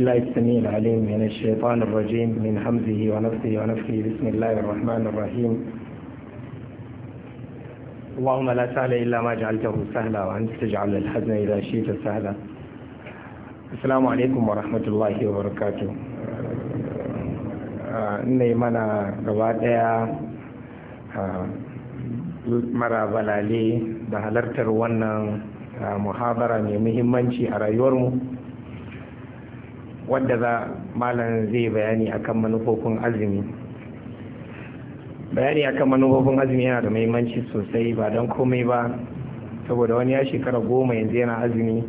الله السميع العليم من الشيطان الرجيم من همزه ونفسه ونفسه بسم الله الرحمن الرحيم اللهم لا سهل إلا ما جعلته سهلا وأنت تجعل الحزن إذا شئت سهلا السلام عليكم ورحمة الله وبركاته ne منا gaba مرا بلالي balale da halartar wannan في mai muhimmanci wanda za malam zai bayani akan manufofin azumi bayani akan manufofin azumi yana da muhimmanci sosai ba don komai ba saboda wani ya shekara goma yanzu yana azumi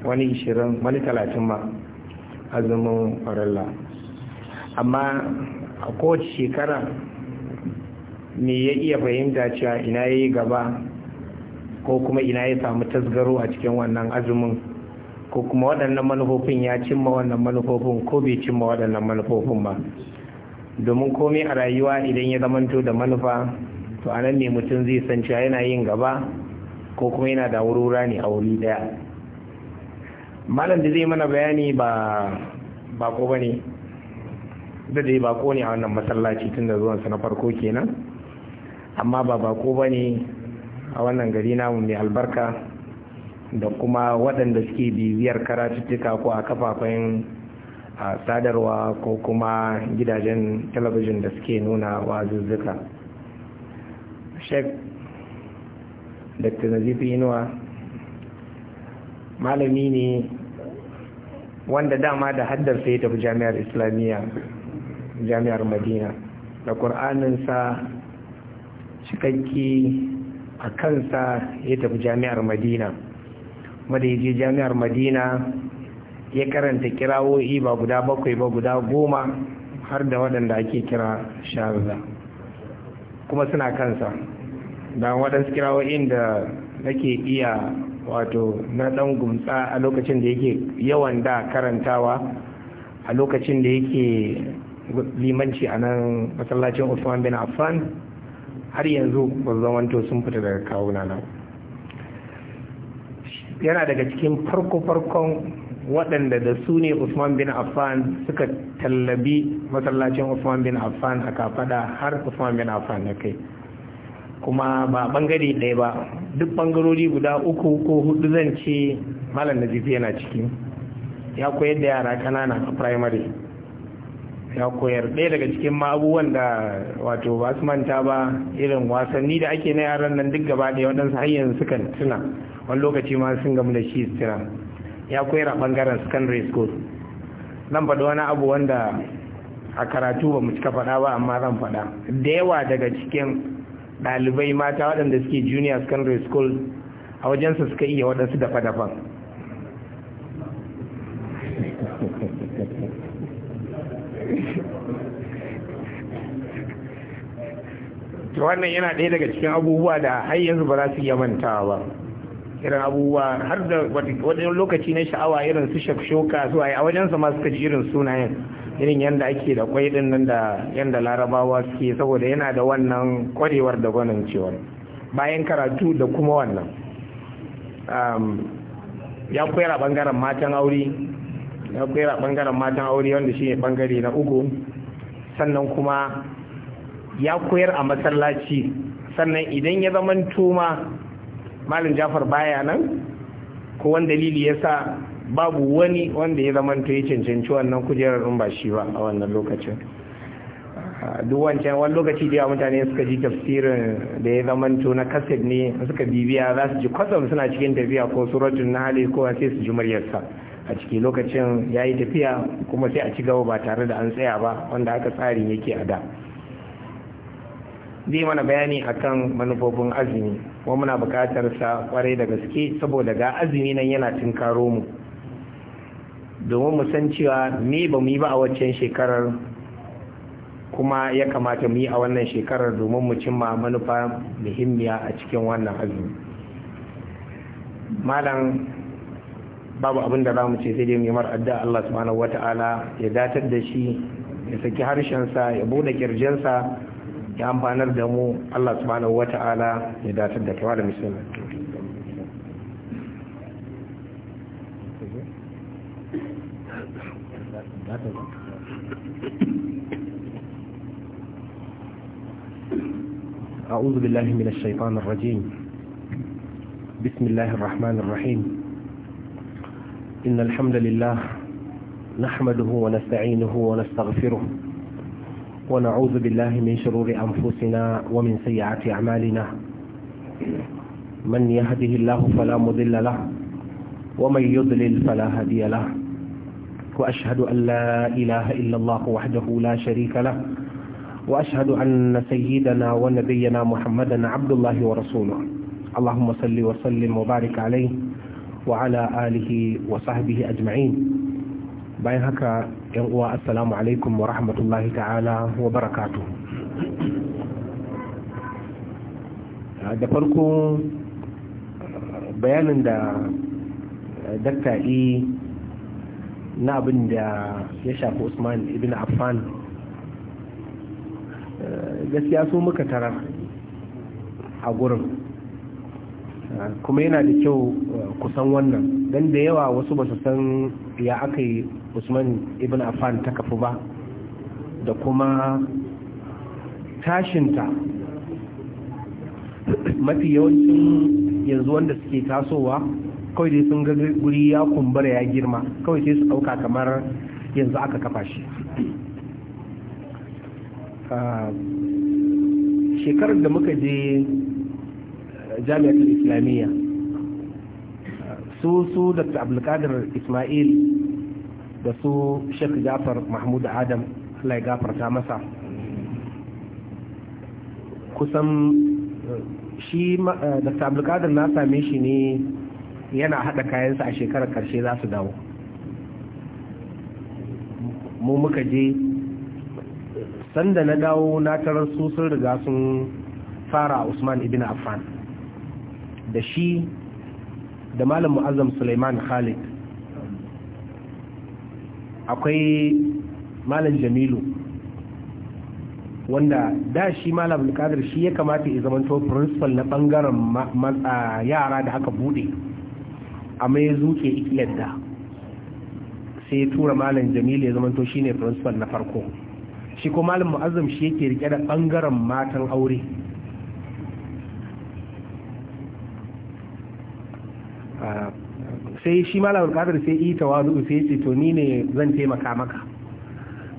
wani ishirin wani talatin ma azumin farilla amma a kowace shekara me ya iya fahimta cewa ina ya yi gaba ko kuma ina ya samu tasgaro a cikin wannan azumin ko kuma waɗannan manufofin ya cimma wannan manufofin ko bai cimma waɗannan manufofin ba domin komai a rayuwa idan ya zamanto da manufa to a nan ne mutum zai san cewa yana yin gaba ko kuma yana da wurura ne a wuri daya malam da zai mana bayani ba bako ba ne da dai bako ne a wannan masallaci tun da zuwansa na farko kenan amma ba bako ba ne a wannan gari namu mai albarka da kuma waɗanda suke bibiyar karatuttuka ko a kafafen sadarwa ko kuma gidajen talabijin da suke nuna zuzzuka. sheik dr Nazif inuwa malami ne wanda dama da haddarsa ya tafi jami'ar islamiyya jami'ar madina da ƙur'aninsa cikakke a kansa ya tafi jami'ar madina kuma jami'ar madina ya karanta kirawo'i ba guda bakwai ba guda goma har da waɗanda ake kira shaza kuma suna kansa da waɗansu kirawo'in da nake iya wato na ɗan gumtsa a lokacin da yake yawan da karantawa a lokacin da yake limanci a nan masallacin Usman bin Affan har yanzu ba zamanto sun fita daga kawuna na. yana daga cikin farko-farkon waɗanda da su ne usman bin affan suka tallabi masallacin usman bin affan a kafaɗa har usman bin affan na kai kuma ba bangare ɗaya ba duk bangarori guda uku ko hudu zan ce malam nazifi yana ciki ya koyar da yara ƙanana a primary ya koyar ɗaya daga cikin ma abubuwan da wato ba su manta ba irin wasanni da ake na yaran nan duk gaba ɗaya waɗansu hanyar sukan tuna wani lokaci ma sun gamu da shi tuna ya koyar a ɓangaren secondary school zan faɗi wani abu wanda a karatu ba mu cika faɗa ba amma zan faɗa da yawa daga cikin ɗalibai mata waɗanda suke junior secondary school a wajensa suka iya waɗansu dafa-dafan wannan yana ɗaya daga cikin abubuwa da har yanzu ba za su iya mantawa ba irin abubuwa har da wani lokaci na sha'awa irin su shafshoka zuwa a wajensa ma suka ji irin sunayen irin yadda ake da kwai din nan da yadda larabawa suke saboda yana da wannan kwarewar da gwanin cewar bayan karatu da kuma wannan um, ya kwera bangaren matan aure ya kwera bangaren matan aure wanda shi ne bangare na uku sannan kuma ya koyar a masallaci sannan idan ya zama tuma malin jafar baya nan ko wani dalili ya sa babu wani wanda ya zama ya cancanci wannan kujerar in ba shi ba a wannan lokacin duk wancan wani lokaci da mutane suka ji tafsirin da ya zama na kasid ne suka bibiya za su ji kwasan suna cikin tafiya ko suratun na hali ko sai su ji maryarsa a ciki lokacin ya yi tafiya kuma sai a ci gaba ba tare da an tsaya ba wanda haka tsarin yake a da zai mana bayani akan manufofin azumi kuma muna buƙatar sa kwarai da gaske saboda ga azumi nan yana tinkaro mu domin mu san cewa me ba mu yi ba a waccan shekarar kuma ya kamata mu yi a wannan shekarar domin mu cimma manufa muhimmiya a cikin wannan azumi malam babu abin da za mu ce sai dai mu yi addu'a Allah subhanahu wata'ala ya datar da shi ya saki harshen sa ya bude kirjinsa ya amfanar da mu Allah subhanahu wata'ala ya datar da kawa da musulman أعوذ بالله من الشيطان الرجيم بسم الله الرحمن الرحيم إن الحمد لله نحمده ونستعينه ونستغفره ونعوذ بالله من شرور أنفسنا ومن سيئات أعمالنا من يهده الله فلا مضل له ومن يضلل فلا هادي له وأشهد أن لا إله إلا الله وحده لا شريك له وأشهد أن سيدنا ونبينا محمدا عبد الله ورسوله اللهم صل وسلم وبارك عليه وعلى آله وصحبه أجمعين bayan haka yan uwa assalamu alaikum wa rahmatullahi ta'ala wa barakatu, da farko bayanin da dakta e na abin da ya shafi usman ibn affan gaskiya su muka tara a gurin kuma yana da kyau uh, kusan wannan don da yawa wasu ba su san ya aka yi usman ibn affan ta kafu ba da kuma tashinta mafi yawancin yanzu wanda suke tasowa kawai dai sun ga guri ya kumbura ya girma kawai sai su dauka kamar yanzu aka kafa shi ah, shekarar da muka je eh, jami'atul islamiyya ah, su su da abdulkadir ismail da su Sheikh Jafar Mahmud Adam Allah ya gafarta masa kusan shi eh, Dr. Abdulkadir na same shi ne yana haɗa kayansa a shekarar ƙarshe za su dawo mu muka je sanda na dawo na tarar su sun riga sun fara Usman ibn Affan da shi da Malam Mu'azzam Suleiman Khalid akwai malam jamilu wanda da shi malam abdulkadir shi ya kamata ya zamanto principal na bangaren yara da aka bude amma ya zuke ikiladda sai ya tura malam jamilu ya zamanto shi ne principal na farko shi ko malam mu'azzam shi yake rike da bangaren matan aure sai shi malam Alƙadar sai yi tawazu sai ce to ni ne zan taimaka maka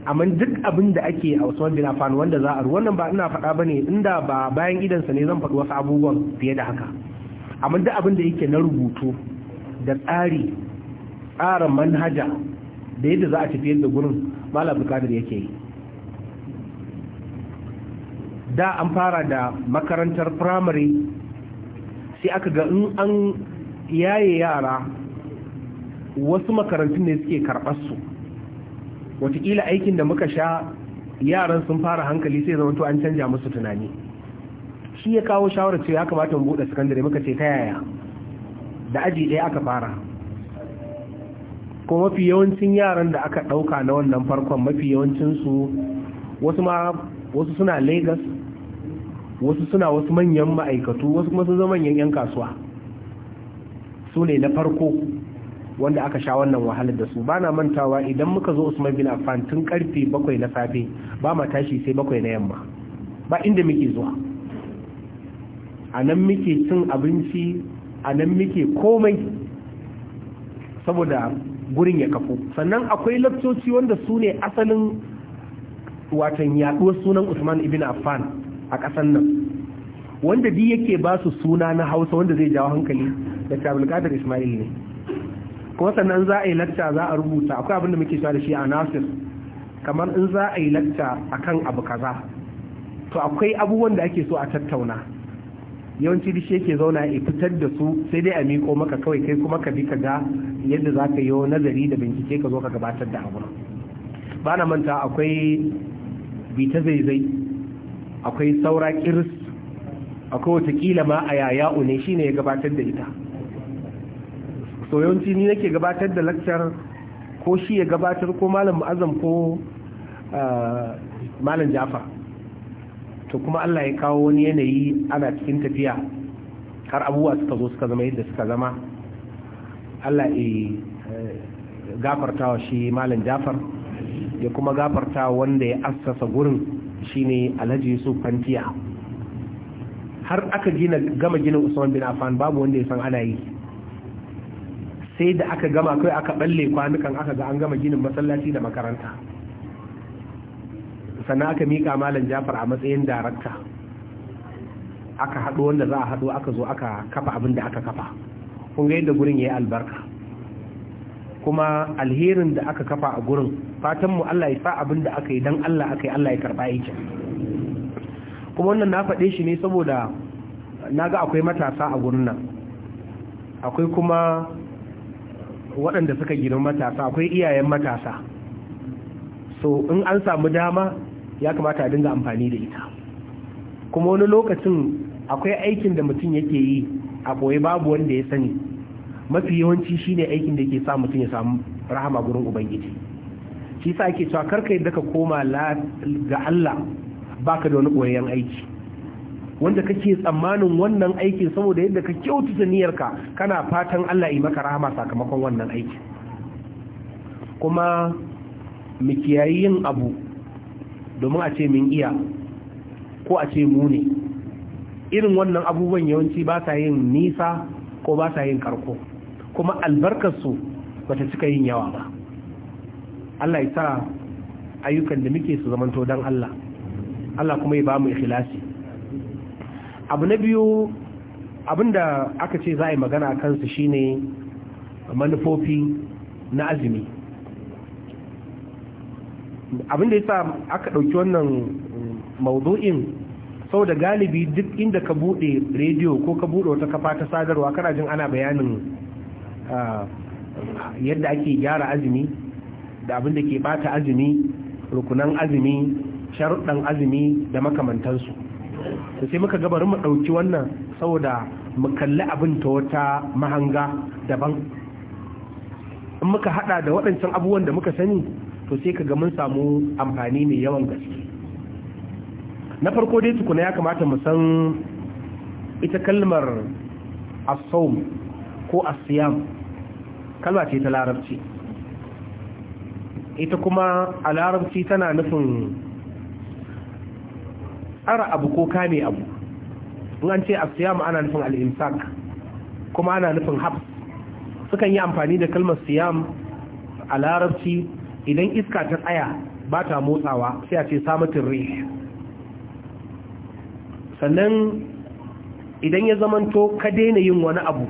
amma duk abin da ake a wasu wanda na wanda za a wannan ba ina faɗa bane inda ba bayan idansa ne zan faɗi wasu abubuwan fiye da haka amma duk abin da yake na rubutu da tsari tsarin manhaja da yadda za a tafi da gurin malam bukadir yake yi da an fara da makarantar firamare sai aka ga in an yaye yara wasu makarantun ne suke karɓar su wataƙila aikin da muka sha yaran sun fara hankali sai zama to an canja musu tunani shi ya kawo shawarar cewa ya kamata mu buɗe sakandare muka ce ta yaya da aji ɗaya aka fara ko mafi yawancin yaran da aka ɗauka na wannan farkon mafi yawancinsu wasu ma wasu suna lagos wasu suna wasu manyan ma'aikatu wasu kuma sun zama manyan 'yan kasuwa su ne na farko wanda aka sha wannan wahalar da su ba na mantawa idan muka zo usman bin affan tun karfe bakwai na safe ba ma tashi sai bakwai na yamma ba inda muke zuwa a nan muke cin abinci a nan muke komai saboda gurin ya kafu sannan akwai lakcoci wanda su ne asalin watan yaduwar sunan usman bin affan a ƙasar nan wanda di yake ba su suna na hausa wanda zai jawo hankali da tabulkatar ismail ne kuma sannan za a yi lacca za a rubuta akwai abinda muke cewa da shi a nasir kamar in za a yi lacca akan abu kaza to akwai abubuwan da ake so a tattauna yawanci da shi yake zauna ya fitar da su sai dai a miko maka kawai kai kuma ka bi ka ga yadda za ka yi nazari da bincike ka zo ka gabatar da abu ba na manta akwai bita zaizai akwai saura kiris akwai watakila ma a yaya ne shine ya gabatar da ita to yawanci ni nake gabatar da lakcar ko shi ya gabatar ko malam azam ko ah, malam jafa to kuma Allah ya kawo wani yanayi ana cikin tafiya har abubuwa suka zo suka zama yadda suka zama Allah ya eh, gafarta wa shi malam jafar ya kuma gafarta wanda ya assasa gurin shine alhaji yusuf fantiya har aka gina gama ginin usman bin afan babu wanda ya san ana yi sai da aka gama kai aka balle kwanukan aka ga an gama ginin masallaci da makaranta sannan aka mika malam jafar a matsayin darakta aka haɗo wanda za a haɗo aka zo aka kafa abin da aka kafa kun ga yadda gurin ya yi albarka kuma alherin da aka kafa a gurin fatan mu Allah ya sa abin da aka yi don Allah aka yi Allah ya karɓa yake kuma wannan na faɗe shi ne saboda na ga akwai matasa a gurin nan akwai kuma waɗanda suka gina matasa akwai iyayen matasa so in an samu dama ya kamata a dinga amfani da ita kuma wani lokacin akwai aikin da mutum yake yi a ɓoye babu wanda ya sani mafi yawanci shine aikin da ke sa mutum ya samu rahama gurin ubangiji shi sa ake cewa karka yadda ka koma ga Allah baka da wani ɓoyayyen aiki wanda kake tsammanin wannan aikin saboda yadda ka kyautata niyyarka kana fatan Allah yi maka rahama sakamakon wannan aiki kuma mu kiyayi yin abu domin a ce min iya ko a ce mu ne irin wannan abubuwan yawanci ba sa yin nisa ko ba sa yin karko kuma albarkarsu bata cika yin yawa ba Allah ya sa ayyukan da muke su zamanto dan Allah Allah kuma ya ba mu ikhlasi abu na biyu abinda aka ce za a yi magana a kansu shine manufofi na azumi abinda ya sa aka ɗauki wannan maudu'in sau da galibi duk inda ka buɗe rediyo ko ka buɗe wata kafa ta sadarwa kana jin ana bayanin yadda ake gyara azumi da abinda ke bata azumi rukunan azumi sharuɗan azumi da makamantansu to sai muka gabarin mu ɗauki wannan saboda mu kalli abin ta wata mahanga daban in muka hada da waɗancan abubuwan da muka sani to sai ka ga mun samu amfani mai yawan gaske na farko dai tukuna ya kamata mu san ita kalmar as-sawm ko as-siyam kalma ce ta larabci ita kuma a larabci tana nufin tsara abu ko kame abu in an ce asiyam ana nufin al'imsak kuma ana nufin haf sukan yi amfani da kalmar siyam a larabci idan iska ta tsaya ba ta motsawa sai a ce samatin rih sannan idan ya zamanto ka daina yin wani abu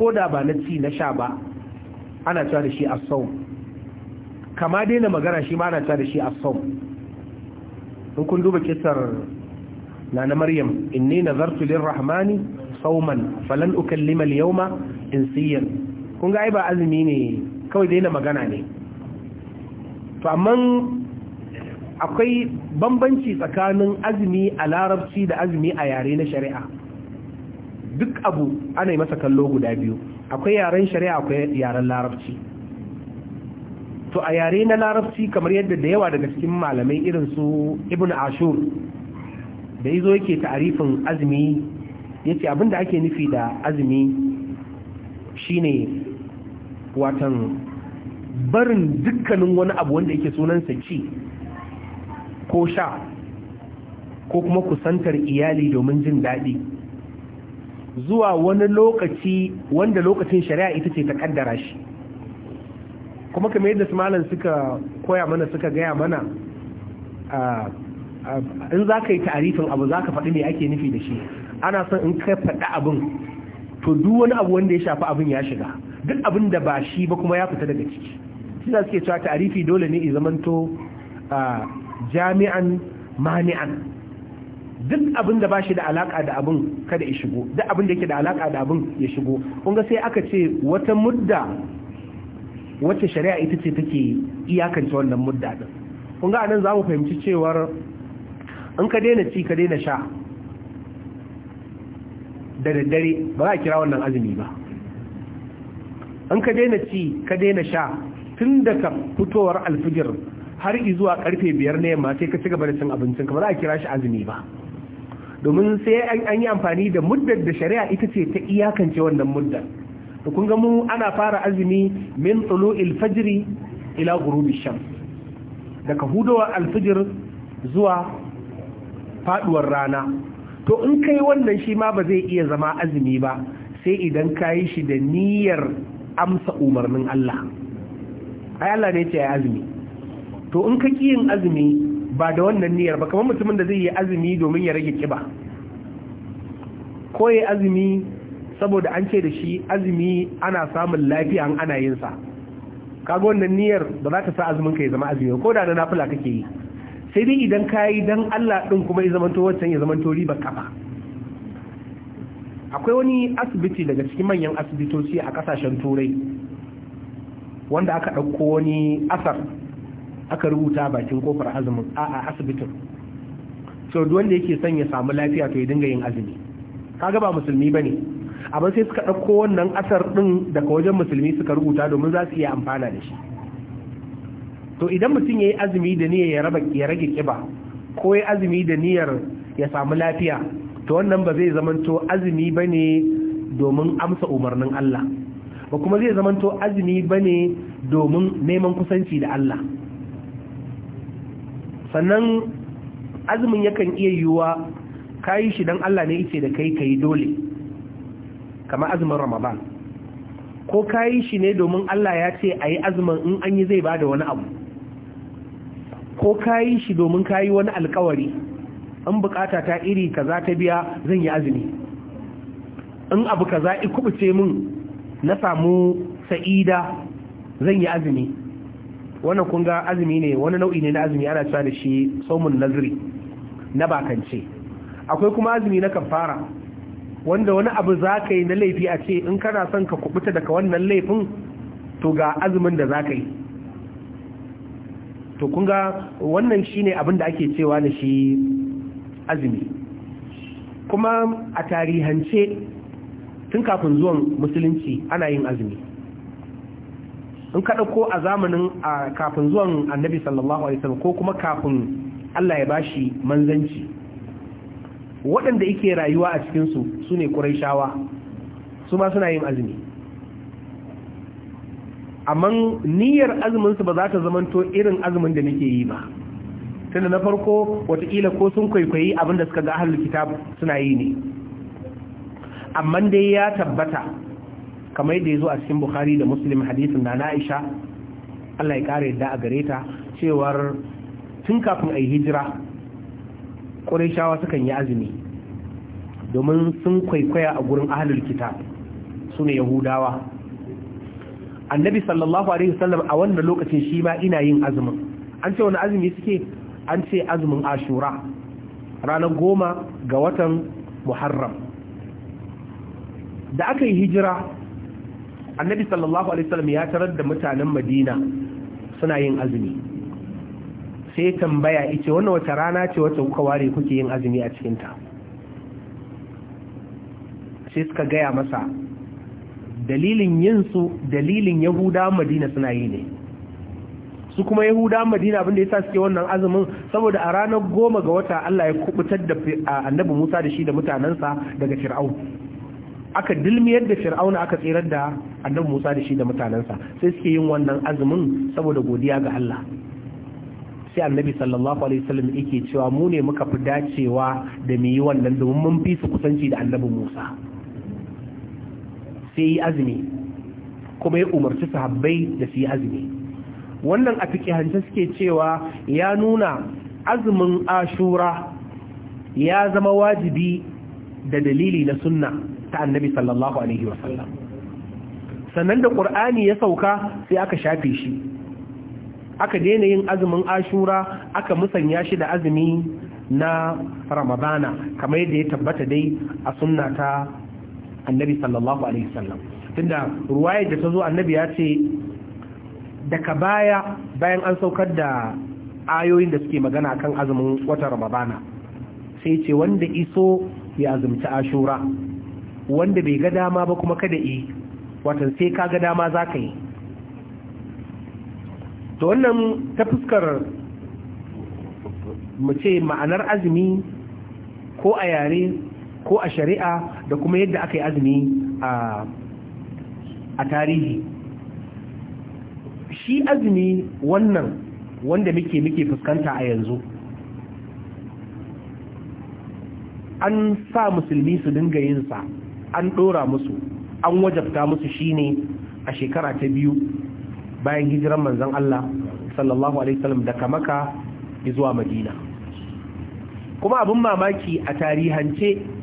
ko da ba na ci na sha ba ana cewa da shi asau kama daina magana shi ma ana cewa da shi asau in kun duba kisar na na maryam inni nazartu lirrahmani sauman falan ukallima alyawma in insiyan kun ga ai ba azumi ne kawai daina magana ne to amma akwai bambanci tsakanin azumi a larabci da azumi a yare na shari'a duk abu ana yi masa kallo guda biyu akwai yaren shari'a akwai yaren larabci to a yare na larabci kamar yadda da yawa daga cikin malamai irin su ibnu ashur da zo yake ta'arifin azumi ya yace abinda ake nufi da azumi shine watan barin dukkanin wani abu wanda yake sunansa ci ko sha ko kuma kusantar iyali domin jin daɗi zuwa wani lokaci wanda lokacin shari'a ita ce ta kaddara shi kuma kamar yadda su suka koya mana suka gaya mana a ah, in za ka yi ta'arifin abu za ka faɗi ne ake nufi da shi ana son in ka faɗi abin to duk wani abu wanda ya shafi abin ya shiga duk abin da ba shi ba kuma ya fita daga ciki shi za suke cewa tarifi dole ne zamanto jami'an mani'an duk abin da ba shi da alaka da abin kada ya shigo duk abin da yake da alaka da abin ya shigo kun sai aka ce wata mudda wacce shari'a ita ce take iyakance wannan mudda din kun anan za mu fahimci cewar in ka daina ci ka daina sha da daddare ba za a kira wannan azumi ba in ka daina ci ka daina sha tun daga fitowar alfijir har izuwa karfe biyar na yamma sai ka ci gaba da cin abincin ka ba za a kira shi azumi ba domin sai an yi amfani da muddar da shari'a ita ce ta iyakance wannan muddar to kun ga mu ana fara azumi min tulu'il fajri ila ghurubi shams daga hudowar alfijir zuwa faduwar rana to in kai wannan shi ma ba zai iya zama azumi ba sai idan ka yi shi da niyyar amsa umarnin Allah ai Allah ne ce ya azumi to in ka ki yin azumi ba da wannan niyyar ba kamar mutumin da zai yi azumi domin ya rage kiba ko azumi saboda an ce da shi azumi ana samun lafiya an ana yin sa kaga wannan niyyar ba za ta sa azumin ka ya zama azumi ko da na nafila kake yi sai dai idan ka yi don Allah ɗin kuma ya zamanto wancan ya zamanto riba kafa akwai wani asibiti daga cikin manyan asibitoci a kasashen turai wanda aka ɗauko wani asar aka rubuta bakin kofar azumin a asibitin so wanda yake son ya samu lafiya to ya dinga yin azumi kaga ba musulmi bane amma sai suka ɗauko wannan asar ɗin daga wajen musulmi suka rubuta domin za su iya amfana da shi to idan mutum ya yi azumi da niyyar ya rage kiba ko ya azumi da niyyar ya samu lafiya to wannan ba zai zamanto azumi ba ne domin amsa umarnin Allah ba kuma zai zamanto azumi ba ne domin neman kusanci da Allah sannan azumin yakan iya yiwuwa ka yi shi don Allah ne ice da kai ka yi dole kama azumin ramadan ko ka yi shi ne domin Allah ya ce a yi azumin in an yi zai ba da wani abu ko kayi shi domin kayi wani alkawari in bukata ta iri kaza ta biya zan yi azumi in abu kaza ikubuce min na samu sa'ida zan yi azumi wannan kun ga azumi ne wani nau'i ne na azumi ana cewa da shi saumun nazri na bakance akwai kuma azumi na kafara wanda wani abu za ka yi na laifi a ce in kana son ka kubuta daga wannan laifin to ga azumin da za ka yi to kun ga wannan shine abin da ake cewa da shi azumi kuma a tarihance tun kafin zuwan musulunci ana yin azumi in ka ɗauko a zamanin kafin zuwan annabi sallallahu alaihi wasallam ko kuma kafin Allah ya bashi manzanci waɗanda yake rayuwa a cikinsu su ne shawa, su ma suna yin azumi amma niyyar azuminsu ba za ta zamanto irin azumin da nake yi ba tunda na farko watakila ko sun kwaikwayi abinda suka ga ahlul kitab suna yi ne amma dai ya tabbata kamar da zo a cikin bukhari da muslim hadisin na Na'isha Allah ya kare yadda a gare ta cewar tun kafin a yi hijira ƙurashawa sukan yi azumi domin sun kwaikwaya a gurin ahalin kitab su ne yahudawa annabi sallallahu alaihi wasallam a wannan lokacin shi ma ina yin azumin an ce wani azumi suke an ce azumin ashura ranar goma ga watan muharram da aka yi hijira annabi sallallahu alaihi wasallam ya tarar da mutanen madina suna yin azumi sai tambaya ita wannan wata rana ce wata kuka ware kuke yin azumi a cikinta sai suka gaya masa dalilin yinsu dalilin yahuda madina suna yi ne su kuma yahuda madina abinda ya sa suke wannan azumin saboda a ranar goma ga wata allah ya kubutar da annabi musa da shi da mutanensa daga fir'au aka dilmiyar da fir'auna aka tsirar da annabi musa da shi da mutanensa sai suke yin wannan azumin saboda godiya ga allah sai annabi sallallahu alaihi wasallam yake cewa mu ne muka fi dacewa da mu yi wannan domin mun fi su kusanci da annabi musa sai yi azumi kuma ya umarci sahabbai da su yi azumi wannan a hanci suke cewa ya nuna azumin ashura ya zama wajibi da dalili na sunna ta annabi sallallahu alaihi wasallam sannan da ƙur'ani ya sauka sai aka shafe shi aka daina yin azumin ashura aka musanya shi da azumi na ramadana kamar yadda ya tabbata dai a sunna ta annabi sallallahu alaihi wasallam tunda ruwayar da ta zo annabi ya ce daga baya bayan an saukar da ayoyin da suke magana kan azumin watan ramadana sai ce wanda iso ya azumci ashura wanda bai ga dama ba kuma kada yi watan sai ka ga dama za ka yi to wannan ta fuskar mu ce ma'anar azumi ko a yare ko a shari'a da kuma yadda aka yi azumi a tarihi shi azumi wannan wanda muke muke fuskanta a yanzu an sa musulmi su dinga yinsa, an ɗora musu an wajabta musu shine a shekara ta biyu bayan hijiran manzon Allah sallallahu alaihi wasallam daga Makka zuwa Madina kuma abin mamaki a tarihance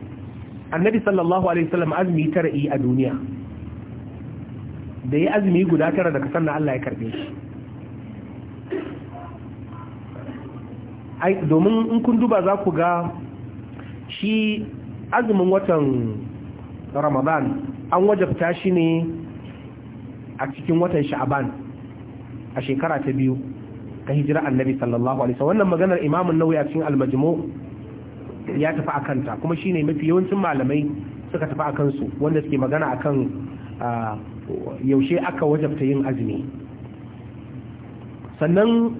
annabi sallallahu alaihi wasallam azumi tara yi a duniya da ya azumi guda tara daga sannan Allah ya karbe shi domin in kun duba za ku ga shi azumin watan ramadan an wajabta shi ne a cikin watan sha'aban a shekara ta biyu ta hijira annabi sallallahu alaihi wannan maganar imamun nawawi a cikin al ya tafi a kanta kuma shi ne mafi yawancin malamai suka tafi a kansu wanda suke magana a kan yaushe aka wajabta yin azumi sannan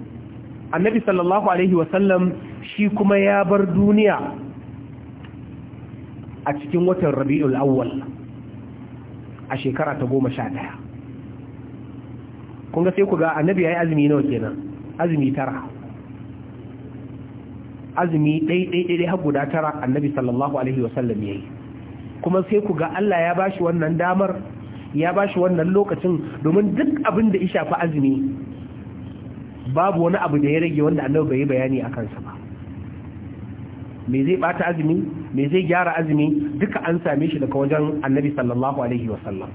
annabi sallallahu alaihi wasallam shi kuma ya bar duniya a cikin watan rabi'ul awwal a shekara ta goma sha ɗaya kunga sai ku ga annabi ya yi azumi nawa kenan azumi tara azumi ɗaiɗaiɗai har guda tara annabi sallallahu alaihi wasallam ya yi kuma sai ku ga Allah ya bashi wannan damar ya bashi wannan lokacin domin duk abin da ya fa azumi babu wani abu da ya rage wanda annabi bai yi bayani a kansa ba me zai bata azumi me zai gyara azumi duka an same shi daga wajen annabi sallallahu alaihi wasallam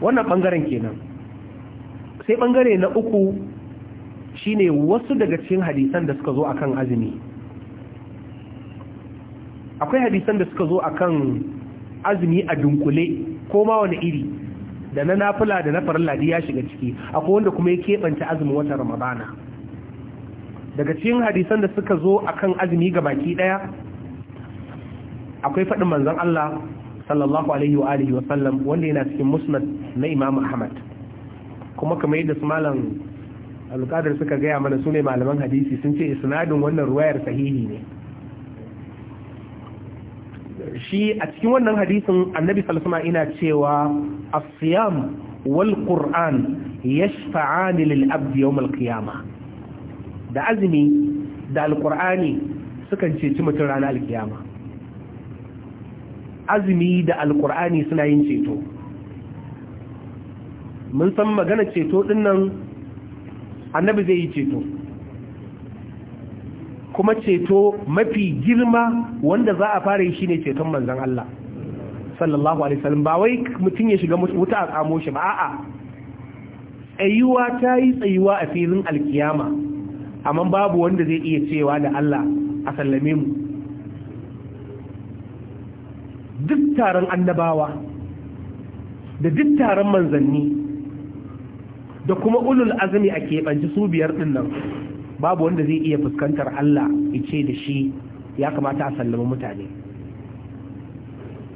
wannan bangaren kenan sai bangare na uku shine wasu daga cikin hadisan da suka zo akan azumi akwai hadisan da suka zo akan azumi a dunkule ko ma wani iri da na nafila da na farin ladi ya shiga ciki akwai wanda kuma ya keɓanta azumin wata ramadana daga cikin hadisan da suka zo akan azumi ga baki ɗaya akwai faɗin manzan Allah sallallahu alaihi wa alihi wa sallam wanda yana cikin musnad na Imam Ahmad kuma kamar yadda su malam alƙadar suka gaya mana su ne malaman hadisi sun ce isnadin wannan ruwayar sahihi ne shi a cikin wannan hadisin annabi sallallahu ina cewa as-siyam wal qur'an yashfa'ani lil abd yawm al da azumi da alƙur'ani sukan ceci mutum ranar alkiyama azumi da alƙur'ani suna yin ceto mun san magana ceto dinnan. annabi zai yi ceto kuma ceto mafi girma wanda za a fara yi shine ceton manzon Allah sallallahu alaihi wasallam ba wai mutum ya shiga wuta a kamo shi ba a'a tsayuwa ta yi tsayuwa a filin alkiyama amma babu wanda zai iya cewa da Allah a sallame mu duk taron annabawa da duk taron manzanni da kuma ulul azumi a keɓanci su biyar ɗin nan babu wanda zai iya fuskantar Allah ya ce da shi ya kamata a sallama mutane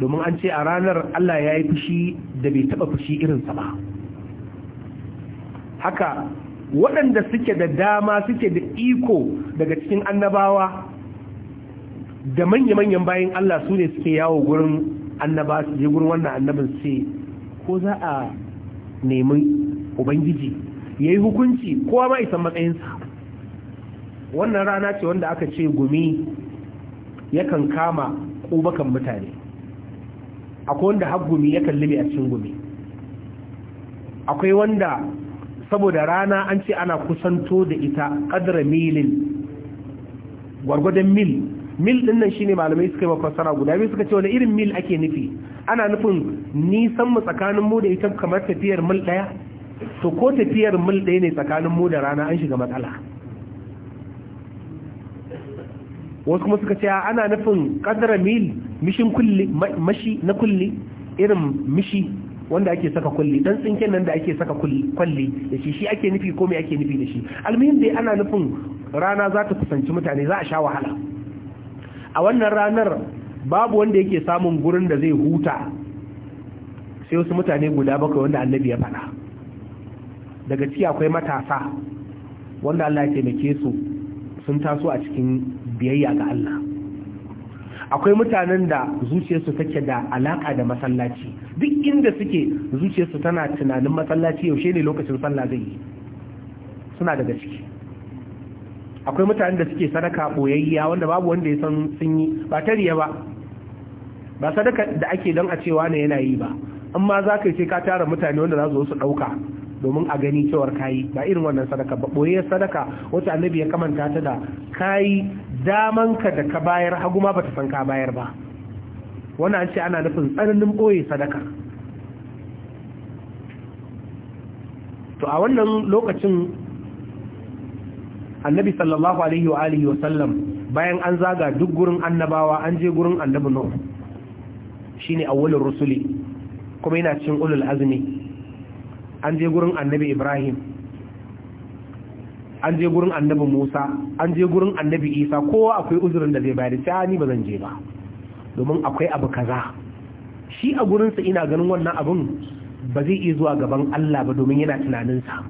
domin an ce a ranar Allah ya yi fushi da bai taɓa fushi irinsa ba haka waɗanda suke da dama suke da iko daga cikin annabawa da manya-manyan bayan Allah su ne suke yawo gurin annaba su je gurin wannan annabin ce ko za a nemi ubangiji ya yi hukunci kowa ma isan matsayinsa wannan rana ce wanda aka ce gumi yakan kama kubakan mutane akwai wanda har gumi yakan limi a cikin gumi akwai wanda saboda rana an ce ana kusanto da ita ƙadara milin gwargwadon mil mil din nan shine malamai suka yi mafasara guda biyu suka ce wani irin mil ake nufi ana nufin nisan mu tsakanin mu da ita kamar tafiyar mil ɗaya to ko tafiyar mil ɗaya ne tsakanin mu da rana an shiga matsala wasu kuma suka ce ana nufin kadara mil mishin kulli mashi na kulli irin mishi wanda ake saka kulli dan tsinken nan da ake saka kulli da shi shi ake nufi ko me ake nufi da shi almuhim dai ana nufin rana za ta kusanci mutane za a sha wahala a wannan ranar babu wanda yake samun gurin da zai huta sai wasu mutane guda bakwai wanda annabi ya faɗa daga ciki akwai matasa wanda Allah ya taimake su sun taso a cikin biyayya ga Allah akwai mutanen da zuciyarsu take da alaka da masallaci duk inda suke zuciyarsu tana tunanin masallaci yaushe ne lokacin sallah zai yi suna daga ciki akwai mutanen da suke sadaka boyayya wanda babu wanda ya san sun yi ba ta riya ba ba sadaka da ake don a cewa ne yana yi ba amma za ka ce ka tara mutane wanda za su dauka ɗauka domin a gani cewar kayi ba irin wannan sadaka ba boye sadaka wata annabi ya kamanta ta da kayi ka da ka bayar haguma ba ta san ka bayar ba wannan an ce ana nufin tsananin boye sadaka to a wannan lokacin annabi sallallahu alaihi wa alihi wa sallam bayan an zaga duk gurin annabawa an je gurin annabi nuh shine awwalur rusuli kuma yana cikin ulul azmi an je gurin annabi ibrahim an je gurin annabi musa an je gurin annabi isa kowa akwai uzurin da zai bayar sai ni ba zan je ba domin akwai abu kaza shi a gurinsa ina ganin wannan abin ba zai iya zuwa gaban Allah ba domin yana tunaninsa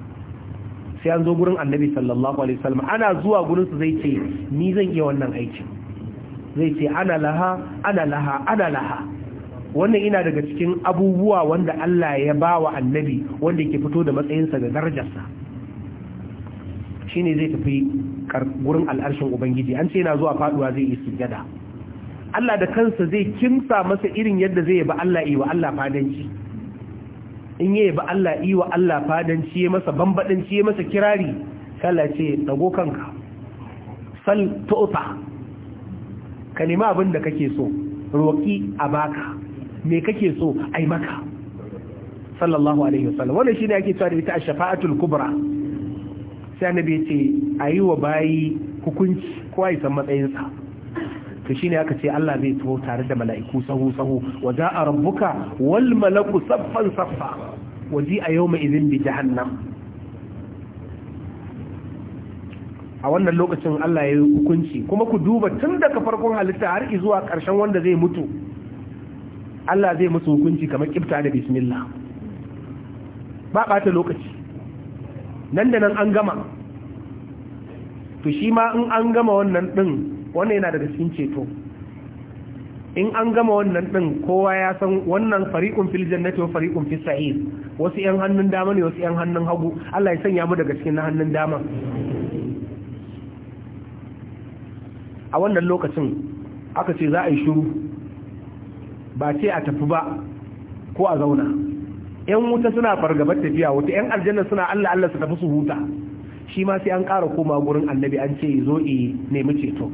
sai an zo gurin annabi sallallahu alaihi wasallam ana zuwa gurinsa zai ce ni zan iya wannan aikin zai ce ana laha ana laha ana laha wannan ina daga cikin abubuwa wanda Allah ya ba wa annabi wanda yake fito da matsayinsa da darajarsa shine zai tafi gurin al'arshin ubangiji an ce yana zuwa faduwa zai yi sujada Allah da kansa zai kimsa masa irin yadda zai ba Allah yi wa Allah fadanci in yi ba Allah yi wa Allah fadanci ya masa bambadanci ya masa kirari kala ce dago kanka sal tu'ta kalima abin da kake so roki a baka me kake so ai maka sallallahu alaihi wasallam wannan shine ake cewa da ita ash-shafa'atul kubra sai annabi ya ce ayi wa bayi hukunci ko ya san matsayin sa to shine aka ce Allah zai taho tare da mala'iku sahu sahu wa za'a rabbuka wal malaku saffan saffa waji a yawma idhin bi jahannam a wannan lokacin Allah ya yi hukunci kuma ku duba tun daga farkon halitta har zuwa ƙarshen wanda zai mutu Allah zai musu hukunci kamar kifta da bismillah ba ɓata lokaci nan da nan an gama to shi ma in an gama wannan ɗin wannan yana daga cikin ceto in an gama wannan ɗin kowa ya san wannan fariƙun fil jannati wa fariƙun fil sa'ir wasu yan hannun dama ne wasu yan hannun hagu Allah ya sanya mu daga cikin na hannun dama a wannan lokacin aka ce za a yi shiru ba ce a tafi ba ko a zauna yan wuta suna fargabar tafiya wuta yan aljanna suna Allah Allah su tafi su huta shi ma sai an ƙara koma gurin annabi an ce zo e nemi ceto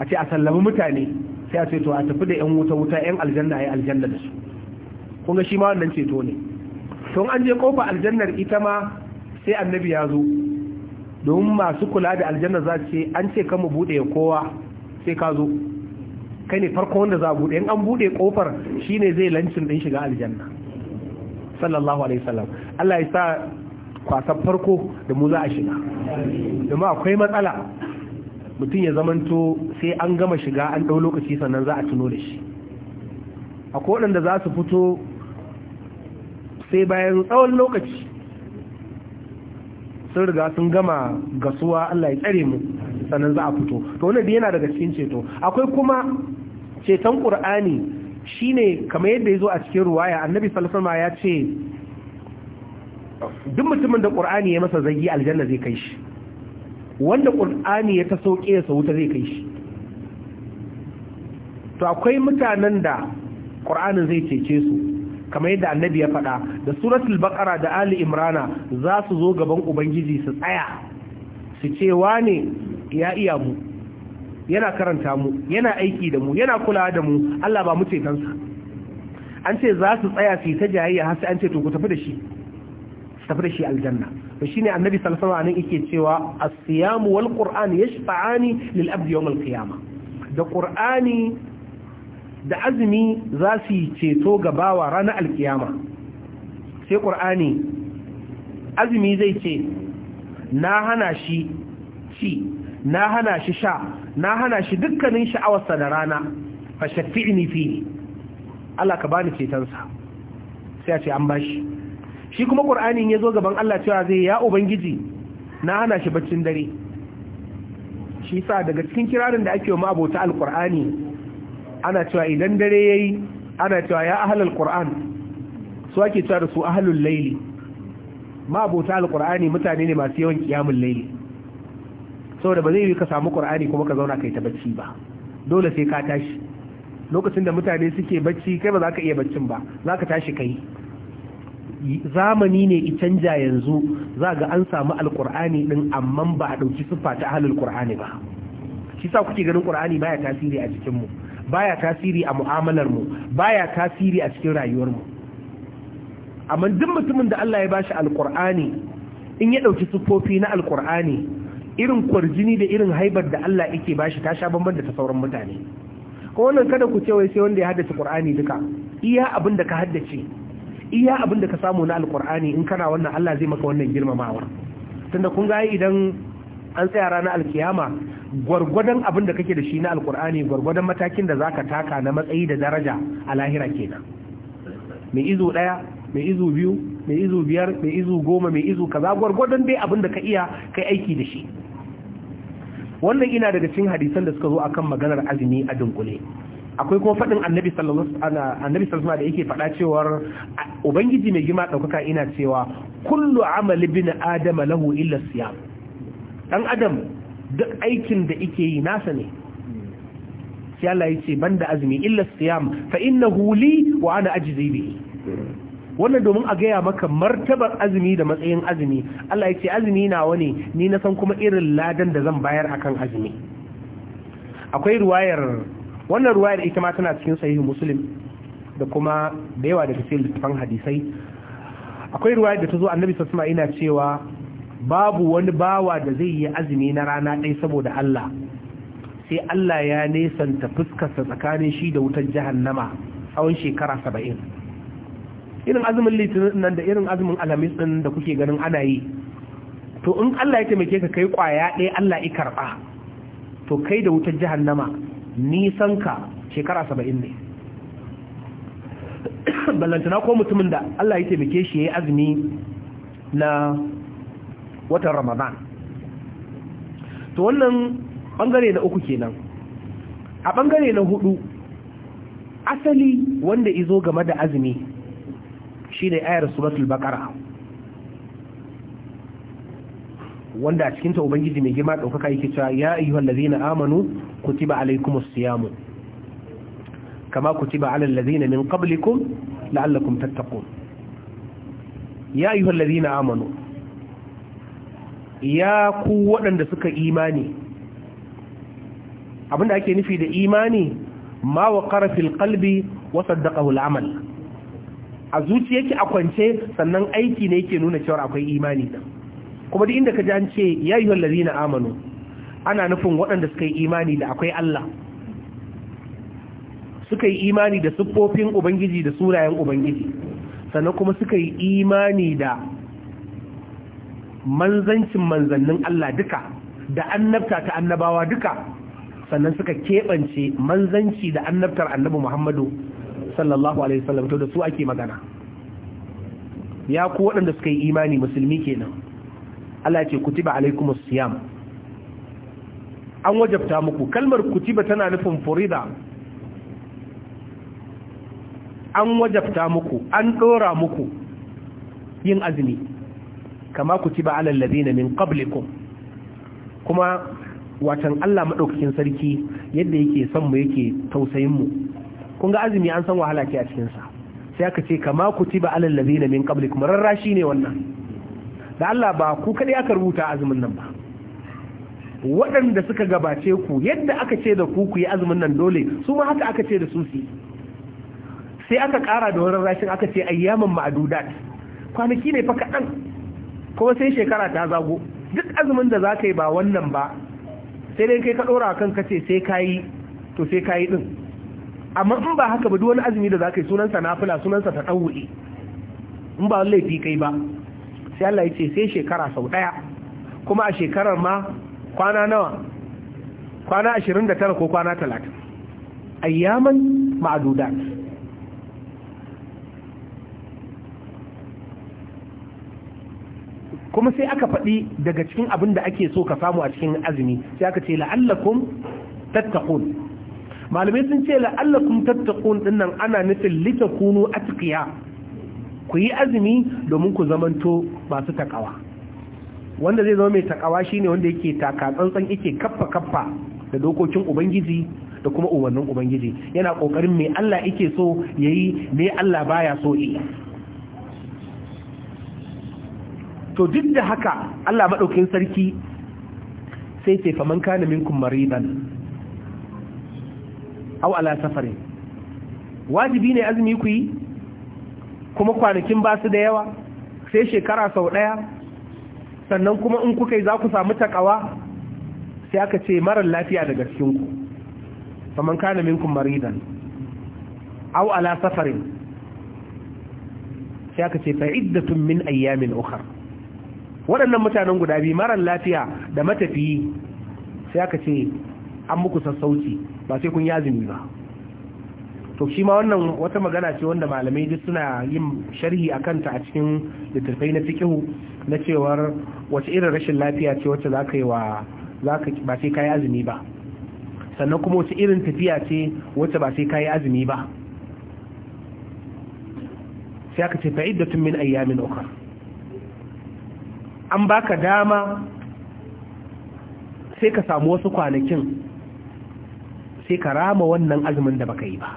a ce a sallami mutane sai a ce to a tafi da yan wuta wuta yan aljanna ayi aljanna da su kun ga shi ma wannan ceto ne tun an je kofa aljannar ita ma sai annabi ya zo domin masu kula da aljanna za ce an ce kama bude kowa sai ka zo kai ne farko wanda za a bude in an bude kofar shine zai lancin din shiga aljanna sallallahu alaihi wasallam Allah ya sa kwasan farko da mu za a shiga amma akwai matsala mutum ya zamanto sai an gama shiga an ɗau lokaci sannan za a tuno da shi akwai wadanda za su fito sai bayan tsawon lokaci sun riga sun gama gasuwa Allah ya tsare mu sannan za a fito to wannan yana daga cikin ceto akwai kuma ceton ƙur'ani shine kamar yadda ya zo a cikin ruwaya annabi sallallahu ya ce duk mutumin da ƙur'ani ya masa zagi aljanna zai kai shi wanda ƙur'ani ya ta sauƙe ya sauta zai kai shi to akwai mutanen da ƙur'anin zai cece su kamar yadda annabi ya faɗa da suratul baqara da ali imrana za su zo gaban ubangiji su tsaya su ce ne ya iya mu yana karanta mu yana aiki da mu yana kula da mu Allah ba mu ce kansa an ce za su tsaya su ta jayayya har sai an ce to ku tafi da shi tafi da shi aljanna to shine annabi sallallahu alaihi wasallam yake cewa as-siyam wal qur'an yashfa'ani lil abdi yawm al qiyama da qur'ani da azumi za su ceto ga bawa ranar alkiyama sai qur'ani azumi zai ce na hana shi ci na hana shi sha na hana shi dukkanin sha'awarsa da rana fa shafi'ni fi Allah ka bani cetonsa sai a ce an bashi shi kuma qur'anin yazo gaban Allah cewa zai ya ubangiji na hana shi baccin dare shi sa daga cikin kirarin da ake yi ma abota alqur'ani ana cewa idan dare yayi ana cewa ya ahlul qur'an su ake cewa da su ahlul layli ma abota alqur'ani mutane ne masu yawan qiyamul layli saboda ba zai yi ka samu kuma ka zauna kai ta bacci ba dole sai ka tashi lokacin da mutane suke bacci kai ba za ka iya baccin ba za ka tashi kai zamani ne i canja yanzu za ga an samu alkur'ani ɗin amma ba a ɗauki siffa ta ahalul ƙur'ani ba shi sa kuke ganin ƙur'ani baya tasiri a cikin mu baya tasiri a mu'amalar mu baya tasiri a cikin rayuwar mu amma duk mutumin da Allah ya bashi Alƙur'ani, in ya ɗauki siffofi na alkur'ani irin kwarjini da irin haibar da Allah yake bashi ta sha bamban da ta sauran mutane ko wannan kada ku ce wai sai wanda ya haddace Qur'ani duka iya abin da ka haddace iya abin da ka samu na alkur'ani in kana wannan Allah zai maka wannan girmamawa tunda kun ga idan an tsaya ranar alkiyama gurgurdan abin da kake da shi na alkur'ani gurgurdan matakin da zaka taka na matsayi da daraja a lahira kenan mai izu daya mai izu biyu mai izu biyar mai izu goma mai izu kaza gurgurdan dai abin da ka iya kai aiki da shi wannan ina daga cikin hadisan da suka zo akan maganar azumi a dunkule akwai kuma faɗin annabi sallallahu alaihi wasallam da yake faɗa cewa ubangiji mai gima ɗaukaka ina cewa kullu amali bin adama lahu illa siyam dan adam duk aikin da yake yi nasa ne sai Allah yace banda azumi illa siyam fa innahu li wa ana ajzi bihi wannan domin a gaya maka martabar azumi da matsayin azumi Allah ya ce azumi nawa ne ni na san kuma irin ladan da zan bayar akan azumi akwai ruwayar wannan ruwayar ita ma tana cikin sahihu muslim da kuma da yawa daga cikin littafan hadisai akwai ruwayar da ta zo annabi Sassuma ina cewa babu wani bawa da zai yi azumi na rana ɗaya saboda Allah sai Allah ya nesanta fuskarsa tsakanin shi da wutar jahannama tsawon shekara saba'in irin azumin litinin nan da irin azumin alhamis din da kuke ganin ana yi to in Allah ya taimake ka kai kwaya ɗaya Allah ya karɓa to kai da wutar jahannama nisan ka shekara saba'in ne ballantana ko mutumin da Allah ya taimake shi ya yi azumi na watan ramadan to wannan bangare na uku kenan a bangare na hudu asali wanda izo game da azumi shine ayar suratul baqara wanda a cikin cikinta ubangiji mai girma ɗaukaka yake cewa ya ayyuhal ladina amanu kutiba alaikumus siyamu kama kutiba alal ladina min qablikum la'allakum tattaqun ya ayyuhal ladina amanu ya ku waɗanda suka imani abinda ake nufi da imani ma waqara fil qalbi wa saddaqahu al amal a zuciya yake a kwance sannan aiki ne yake nuna cewa akwai imani din kuma duk inda ka ji an ce ya yi na amanu ana nufin waɗanda suka yi imani da akwai Allah suka yi imani da siffofin ubangiji da surayen ubangiji sannan kuma suka yi imani da manzancin manzannin Allah duka da annabta ta annabawa duka sannan suka keɓance manzanci da annabtar annabi Muhammadu sallallahu alaihi wasallam to da su ake magana ya ku waɗanda suka yi imani musulmi kenan Allah ce kutiba alaikumus siyam an wajabta muku kalmar kutiba tana nufin furida an wajabta muku an dora muku yin azumi kama kutiba alal ladina min qablikum kuma watan Allah madaukakin sarki yadda yake son mu yake tausayin mu kun ga azumi an san wahala ce a cikin sa sai aka ce kama kutiba alal ladina min qablikum shi ne wannan da Allah ba ku kadai aka rubuta azumin nan ba waɗanda suka gabace ku yadda aka ce da ku ku yi azumin nan dole su ma haka aka ce da su su sai aka ƙara da wurin rashin aka ce ayyaman ma'adudat kwanaki ne fa kaɗan kuma sai shekara ta zago duk azumin da zakai ba wannan ba sai dai kai ka ɗora kan ka ce sai ka yi to sai ka yi ɗin amma in ba haka ba duk wani azumi da zaka yi sunansa nafila sunansa ta dawu'i in ba laifi kai ba sai Allah ya ce sai shekara sau daya kuma a shekarar ma kwana nawa kwana 29 ko kwana 30 ayyaman ma'dudat kuma sai aka faɗi daga cikin abin da ake so ka samu a cikin azumi sai aka ce la'allakum tattaqun malamai sun ce la'allakum tattakun dinnan ana nufin a atqiya ku yi azumi domin ku zamanto masu takawa wanda zai zama mai takawa shine wanda yake taka tsantsan yake kaffa kaffa da dokokin ubangiji da kuma umarnin ubangiji yana kokarin mai Allah yake so yayi mai Allah baya so yi to duk da haka Allah madaukin sarki sai ce faman kana minkum maridan au ala safarin wajibi ne azumi ku yi kuma kwanakin ba su da yawa sai shekara sau ɗaya sannan kuma in kuka yi za ku samu takawa sai aka ce marar lafiya daga cikinku faman kana minkum maridan au ala safarin sai aka ce fa'iddatun min ayyamin ukhra waɗannan mutanen guda biyu marar lafiya da matafiyi sai aka ce an muku sassauci ba sai kun yi azumi ba to shi ma wannan wata magana ce wanda malamai duk suna yin sharhi a kanta a cikin littattafai na fikihu na cewar wace irin rashin lafiya ce wacce za ka yi wa ba sai ka yi azumi ba sannan kuma wace irin tafiya ce wacce ba sai ka yi azumi ba sai aka ce fa'iddatun min ayyamin ukhra an baka dama sai ka samu wasu kwanakin sai ka rama wannan azumin da baka yi ba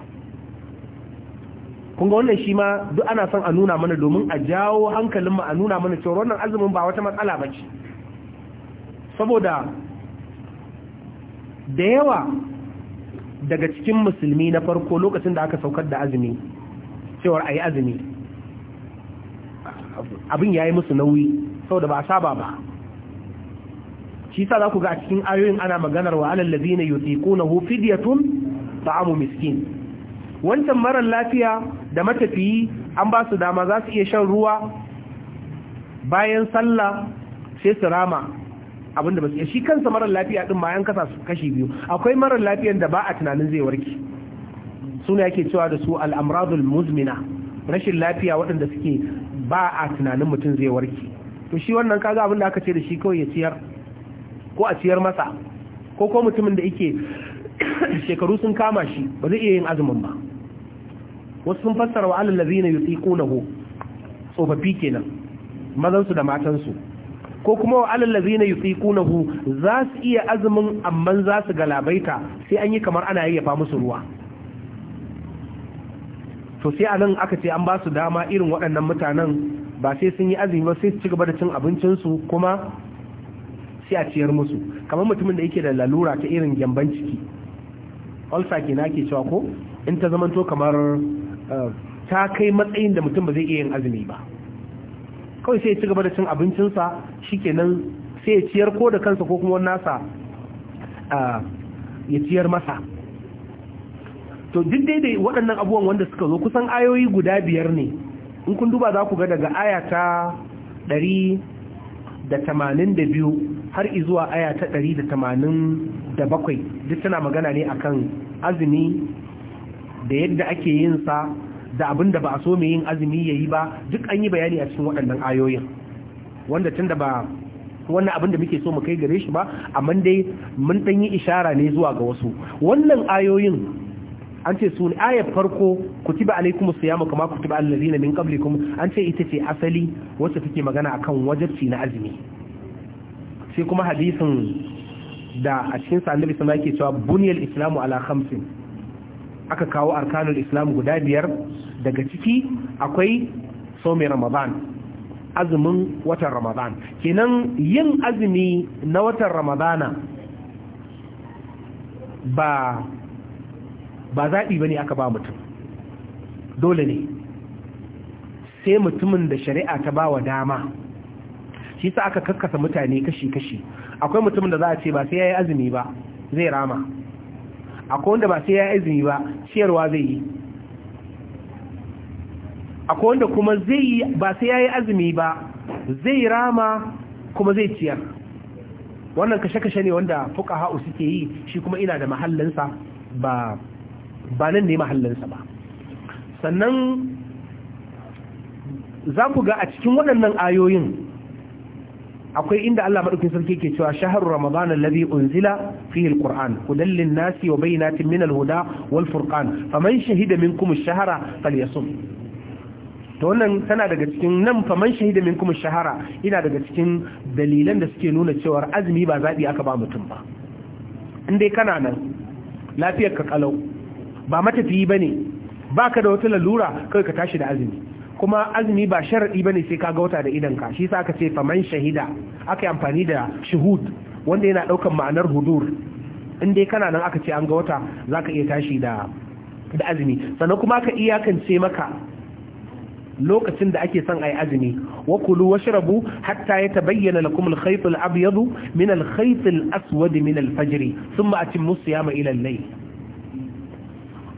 kunga wannan shi ma duk ana son a nuna mana domin a jawo hankalinmu a nuna mana cewa wannan azumin ba wata matsala ba ce saboda da yawa daga cikin musulmi na farko lokacin da aka saukar da azumi cewar a yi azumi abin ya yi musu nauyi saboda ba a saba ba shi sa za ku ga a cikin ayoyin ana maganar wa alal ladina yutiqunahu fidyatun ta'amu miskin wancan marar lafiya da matafiyi an ba su dama za su iya shan ruwa bayan sallah sai su rama abinda ba shi kansa marar lafiya din bayan kasa su kashi biyu akwai marar lafiyan da ba a tunanin zai warke suna yake cewa da su al'amradul muzmina rashin lafiya waɗanda suke ba a tunanin mutum zai warke to shi wannan kaga abin da aka ce da shi kawai ya ciyar ko a ciyar masa ko ko mutumin da yake shekaru sun kama shi ba zai iya yin azumin ba wasu sun fassara wa alal ladina yutiqunahu tsofaffi kenan mazan su da matan su ko kuma wa alal ladina yutiqunahu za su iya azumin amma za su galabaita sai an yi kamar ana yayyafa musu ruwa to sai anan aka ce an ba su dama irin waɗannan mutanen ba sai sun yi azumi ba sai su ci gaba da cin abincinsu kuma sai a ciyar musu kamar mutumin da yake da lalura ta irin gyamban ciki ulcer na ke cewa ko in ta zamanto kamar eh, ta kai matsayin da mutum ba zai iya yin azumi ba kawai sai ya ci gaba da cin abincinsa shi shikenan sai ya ciyar ko da kansa ko kuma nasa eh, ya ciyar masa to duk daidai waɗannan abubuwan wanda suka zo kusan ayoyi guda biyar ne in kun duba za ku ga daga aya ɗari da tamanin da biyu har izuwa aya ta ɗari da 187 duk tana magana ne akan azumi da yadda ake yin sa da abin ba a so mai yin azumi yayi ba duk an yi bayani a cikin waɗannan ayoyin wanda tunda ba wannan abin da muke so mu kai gare shi ba amma dai mun dan yi ishara ne zuwa ga wasu wannan ayoyin an ce sun ayar farko kutiba alaikumus siyama kama kutiba allazina min qablikum an ce ita ce asali wacce take magana akan wajibi na azumi sai kuma hadisin da a cikin sa annabi ke cewa buniyar islamu ala khamsin aka kawo arkanul islam guda biyar daga ciki akwai somi ramadan azumin watan ramadan kenan yin azumi na watan ramadana ba ba zaɓi ba ne aka ba mutum dole ne sai mutumin da shari'a ta ba wa dama shi sa aka kakkasa mutane kashi-kashi akwai mutumin da za a ce ba sai ya yi azumi ba zai rama akwai wanda ba sai ya yi azumi ba ciyarwa zai yi akwai wanda kuma zai yi ba sai ya yi azumi ba zai rama kuma zai ciyar wannan kashe-kashe ne wanda fuka ha'u suke yi shi kuma ina da mahallinsa ba ba nan ne mahallinsa ba sannan za ku ga a cikin waɗannan ayoyin akwai inda Allah madaukakin sarki yake cewa shahru ramadan alladhi unzila fihi alquran hudan linnasi wa bayyinatin min alhuda wal furqan faman shahida minkum ash-shahra falyasum to wannan tana daga cikin nan faman shahida minkum ash-shahra ina daga cikin dalilan da suke nuna cewa azumi ba zabi aka ba mutum ba indai kana nan lafiyar ka kalau ba matafiyi bane baka da wata lalura kai ka tashi da azumi kuma azumi ba sharadi bane sai ka ga wata da idan ka shi yasa aka ce faman shahida aka yi amfani da shuhud wanda yana daukan ma'anar hudur in dai kana nan aka ce an ga wata zaka iya tashi da da azumi sannan kuma aka iyakance maka lokacin da ake son ayi azumi wa kulu washrabu hatta yatabayyana lakum al-khayt al-abyad min al-khayt al-aswad min al-fajr thumma atimmu siyama ila al-layl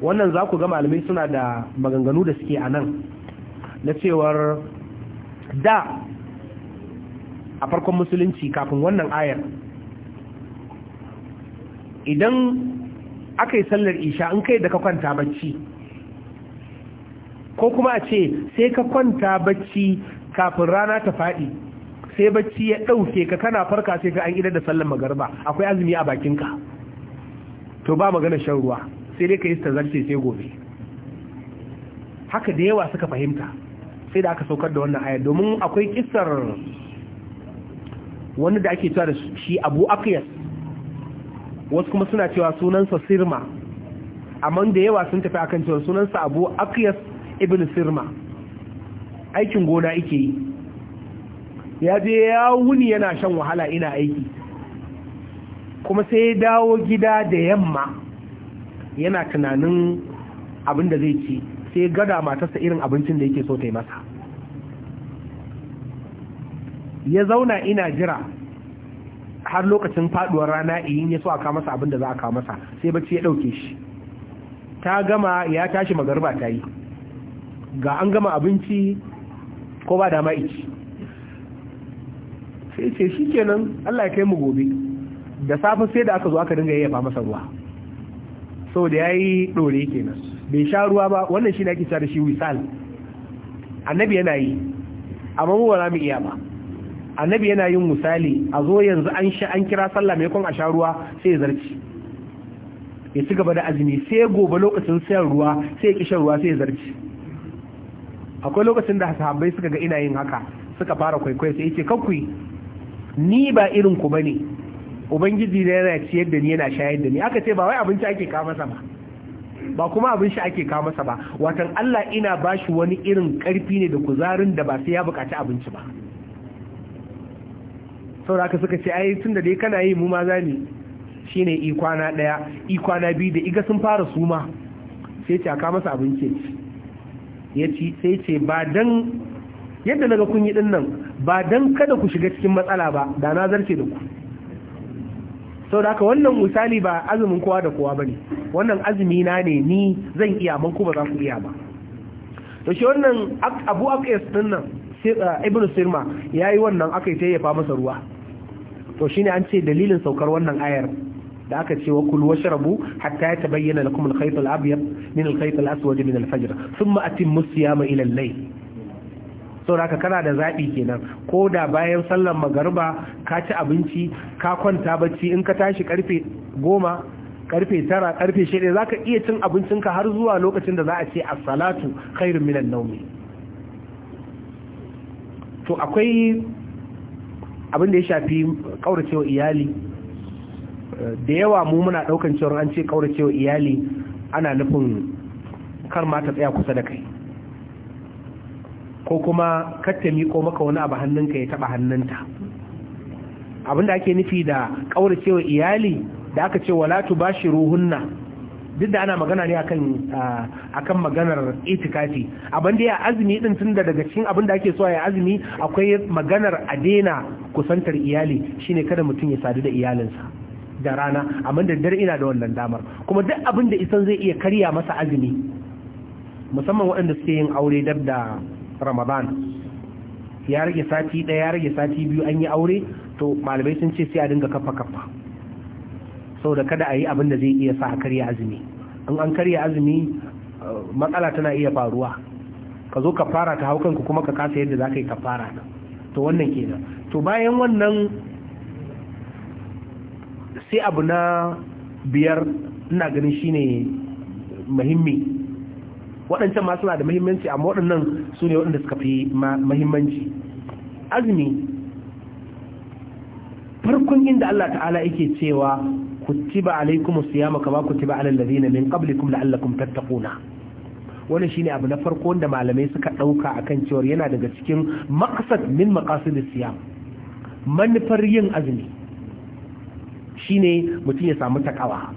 wannan za ku ga malamai suna da maganganu da suke a nan na cewar da a farkon musulunci kafin wannan ayar idan aka yi sallar isha in kai da ka kwanta bacci ko kuma a ce sai ka kwanta bacci kafin rana ta faɗi sai bacci ya ɗauke ka kana farka sai ka an idar da sallar magarba akwai azumi a bakinka to ba magana shan ruwa sai dai ka yi sai gobe haka da yawa suka fahimta sai da aka saukar da wannan aya domin akwai kisar wani da ake cewa da shi abu akiyas wasu kuma suna cewa sunansa sirma amma da yawa sun tafi akan cewa sunansa abu akiyas ibn sirma aikin gona ike yi ya je ya wuni yana shan wahala ina aiki kuma sai ya dawo gida da yamma yana tunanin abinda zai ci sai gada matarsa irin abincin da yake so ta yi masa ya zauna ina jira har lokacin faduwar rana in ya so a masa abin da za a kawo masa sai bacci ya dauke shi ta gama ya tashi magarba ta yi ga an gama abinci ko ba da ma'aici sai ce shi kenan Allah ya kai mu gobe da safin sai da aka zo aka dinga yayyafa masa ruwa so da ya yi ɗore kenan bai sha ruwa ba wannan shi ne ake da shi wisal annabi yana yi amma mu ba mu iya ba annabi yana yin misali a zo yanzu an sha an kira sallah mai kon a sha ruwa sai ya zarci ya ci gaba da azumi sai gobe lokacin sayar ruwa sai ya ruwa sai ya zarci akwai lokacin da sahabbai suka ga ina yin haka suka fara kwaikwayo sai yace kakkui ni ba irin ku bane ubangiji ne yana ciyar da ni yana shayar da ni aka ce ba wai abinci ake kawo masa ba ba kuma abin shi ake kawo masa ba watan Allah ina bashi wani irin karfi ne da kuzarin da ba sai ya bukaci abinci ba sauraka suka ce ai tun da dai kana yi mu ma za ne shine ikwana daya ikwana biyu da iga sun fara suma sai ce aka masa abinci ya sai ce ba dan yadda naga kun yi dinnan ba dan kada ku shiga cikin matsala ba da na zarce da ku sau da wannan misali ba azumin kowa da kowa ba ne wannan azumi na ne ni zan iya man ba za ku iya ba to shi wannan abu aqis din nan uh, ibnu sirma yayi wannan aka yi fa masa ruwa to shine an ce dalilin saukar wannan ayar da aka ce wa kul washrabu hatta yatabayyana lakum al-khayt al-abyad min al-khayt al-aswad min al-fajr thumma atimmu as-siyama ila al-layl sauraka kana da zaɓi kenan ko da bayan sallar magariba ka ci abinci ka kwanta bacci in ka tashi karfe goma karfe tara karfe shida za ka iya cin abincinka har zuwa lokacin da za a ce a salatu khairun minan naumi to akwai abin da ya shafi kauracewa iyali da yawa mu muna daukan cewa an ce kauracewa iyali ana nufin kar ma ta tsaya kusa da kai ko kuma katta miko maka wani abu hannunka ya taba hannunta abinda ake nufi da kauracewa iyali da aka ce wala ruhunna duk da ana magana ne akan ah, akan maganar itikafi abin da ya azumi din tunda daga cikin abin da ake so ya azumi akwai maganar adena kusantar iyali shine kada mutum ya sadu da iyalinsa da rana amma da dare ina da wannan damar kuma duk abin da isan zai iya karya masa azumi musamman waɗanda suke yin aure dab da ramadan ya rage sati ɗaya ya rage sati biyu an yi aure to malamai sun ce sai a dinga kafa kafa da kada a yi abin da zai iya sa a karya azumi in an karya azumi eh, matsala tana iya faruwa ka zo ka fara ta haukanku kuma ka kasa yadda za ka yi ka fara to wannan kenan to bayan wannan sai abu na biyar ina ganin shine muhimmi waɗancan masu suna da muhimmanci amma waɗannan su ne waɗanda suka fi muhimmanci azumi farkon inda Allah ta'ala yake cewa kutiba alaikumus siyama kama kutiba alal ladina min qablikum la'allakum tattaquna wannan shine abu na farko wanda malamai suka dauka akan cewa yana daga cikin maqsad min maqasidis siyam manufar yin azumi shine mutum ya samu takawa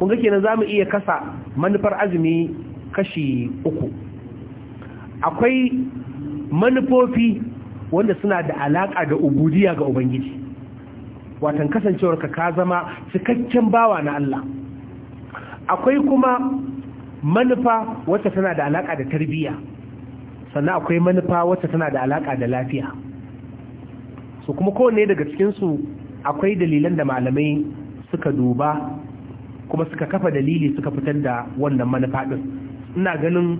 kun ga kenan zamu iya kasa manufar azumi kashi uku akwai manufofi wanda suna da alaƙa da ubudiya ga ubangiji watan kasancewarka ka zama cikakken bawa na Allah akwai kuma manufa wacce tana da alaƙa da tarbiyya sannan akwai manufa wacce tana da alaƙa da lafiya su kuma kowane daga cikinsu akwai dalilan da malamai suka duba kuma suka kafa dalili suka fitar da wannan manufa ɗin ina ganin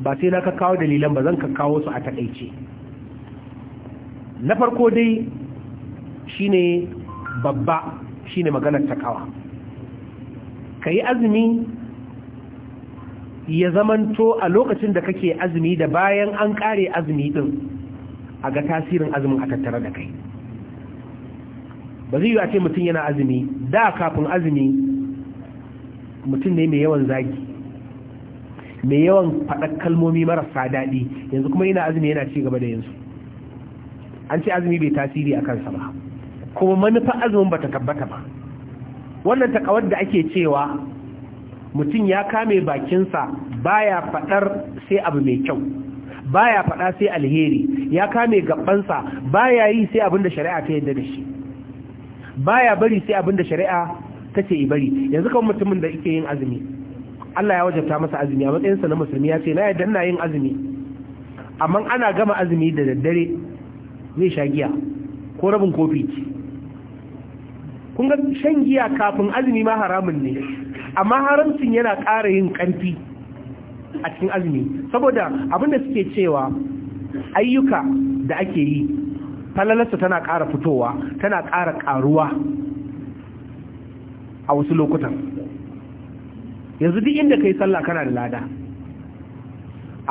ba sai na ka kawo dalilan ba zan ka kawo su a takaice na farko dai shine babba shine maganar takawa ka yi azumi ya zamanto a lokacin da kake azumi da bayan an kare azumi din a ga tasirin azumin a tattara da kai ba zai yi a ce mutum yana azumi da kafin azumi mutum ne mai yawan zagi mai yawan faɗar kalmomi marasa daɗi yanzu kuma yana azumi yana ci gaba da yanzu an ce azumi bai tasiri a kansa ba kuma manufa azumin ba ta tabbata ba wannan takawar da ake cewa mutum ya kame bakinsa baya faɗar sai abu mai kyau baya faɗa sai alheri ya kame gabansa baya yi sai abinda shari'a ta yadda da shi baya bari sai abinda shari'a ta ce bari yanzu kan mutumin da yake yin azumi Allah ya wajabta masa azumi a matsayinsa na musulmi ya ce na yadda ina yin azumi amma ana gama azumi da daddare zai sha giya ko rabin kofi kun ga shan giya kafin azumi ma haramun ne amma haramcin yana ƙara yin ƙarfi a cikin azumi saboda abin da suke cewa ayyuka da ake yi falalarsa tana ƙara fitowa tana ƙara ƙaruwa a wasu lokutan yanzu duk inda kai sallah kana da lada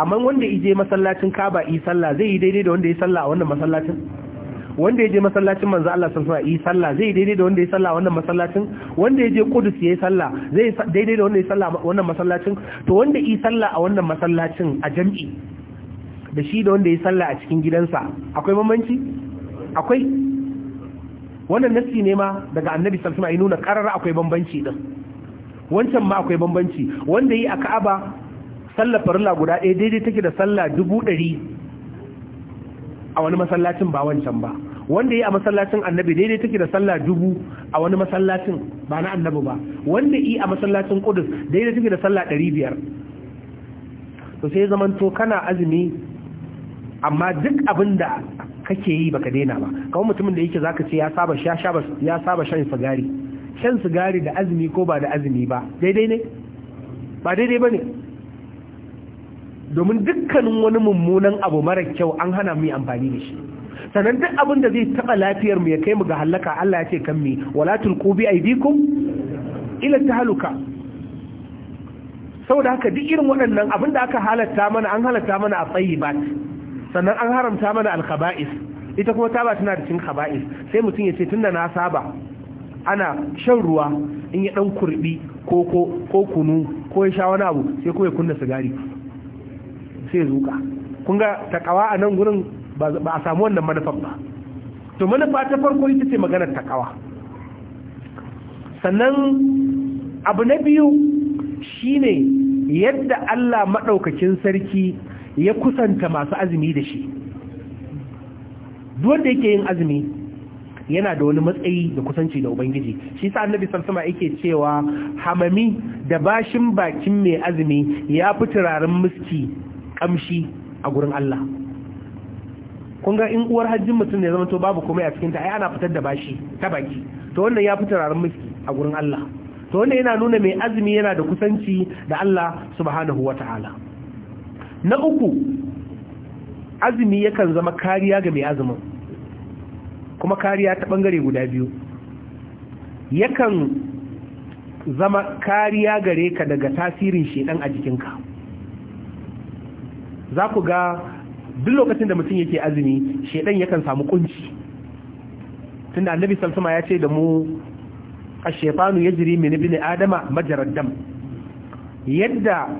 amma wanda ije masallacin kaba yi sallah zai yi daidai da wanda ya sallah a wannan masallacin wanda ya je masallacin manzo Allah sallallahu alaihi wasallam sallah zai daidai da wanda ya sallah wannan masallacin wanda ya je Qudus yi sallah zai daidai da wanda ya sallah wannan masallacin to wanda yi sallah a wannan masallacin a jami'i da shi da wanda ya sallah a cikin gidansa akwai bambanci akwai wannan nasi ne ma daga Annabi sallallahu alaihi wasallam ya nuna karara akwai bambanci din wancan ma akwai bambanci wanda yi a ka'aba sallar farilla guda ɗaya daidai take da sallah dubu ɗari a wani masallacin ba wancan ba wanda yi a masallacin annabi daidai take da sallah dubu a wani masallacin ba na annabi ba wanda yi a masallacin kudus daidai take da sallah ɗari biyar to sai to kana azumi amma duk abin da kake yi baka daina ba kawai mutumin da yake zaka ce ya saba shan sigari shan sigari da azumi ko ba da azumi ba daidai ne ba daidai ba ne domin dukkanin wani mummunan abu mara kyau an hana mu amfani da shi sannan duk abin da zai taɓa lafiyar mu ya kai mu ga halaka Allah ya ce kan mi wala tulqu bi aydikum ila tahluka saboda haka duk irin waɗannan abin da aka halatta mana an halatta mana a tsayibat sannan an haramta mana al-khaba'is ita kuma taba tana da cin khaba'is sai mutum ya ce tunda na saba ana shan ruwa in ya dan kurbi ko kunu ko ya sha wani abu sai ko ya kunna sigari sai zuka kun ga takawa a nan gurin ba a samu wannan manufar ba to manufa ta farko ita ce maganar takawa sannan abu na biyu shine yadda Allah maɗaukakin sarki ya kusanta masu azumi da shi duwanda yake yin azumi yana da wani matsayi da kusanci da ubangiji shi sa annabi sarsama yake cewa hamami da bashin bakin mai azumi ya fi turaren miski kamshi a gurin Allah kun ga in uwar hajjin mutum ne zama to babu komai a cikinta ai ana fitar da bashi ta baki to wannan ya fi turaren miski a gurin Allah to wannan yana nuna mai azumi yana da kusanci da Allah subhanahu wata'ala na uku azumi yakan zama kariya ga mai azumin kuma kariya ta bangare guda biyu yakan zama kariya gare ka daga tasirin shedan a jikinka za ku ga duk lokacin da mutum yake azumi shedan yakan samu kunci tunda annabi Salsama ya ce da mu a shefanu ya jiri mini bini adama majarar yadda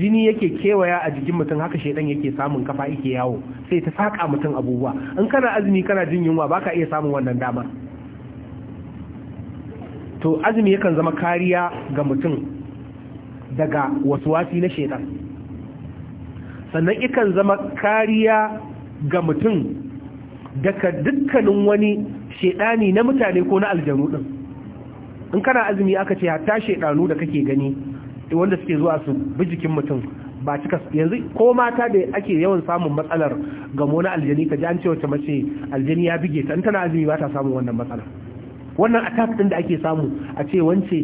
jini yake kewaya a jikin mutum haka shaidan yake samun kafa yake yawo sai ta saka mutum abubuwa in kana azumi kana jin yunwa baka iya samun wannan dama to azumi yakan zama kariya ga mutum daga wasuwasi na shaidan sannan ikan zama kariya ga mutum daga dukkanin wani shaidani na mutane ko na aljanu din in kana azumi aka ce hatta shaidanu da kake gani wanda suke zuwa su bi jikin mutum ba cika yanzu ko mata da ake yawan samun matsalar gamo na aljani ka ji an ce wacce mace aljani ya bige ta tana azumi ba ta samun wannan matsalar wannan attack din da ake samu a ce wance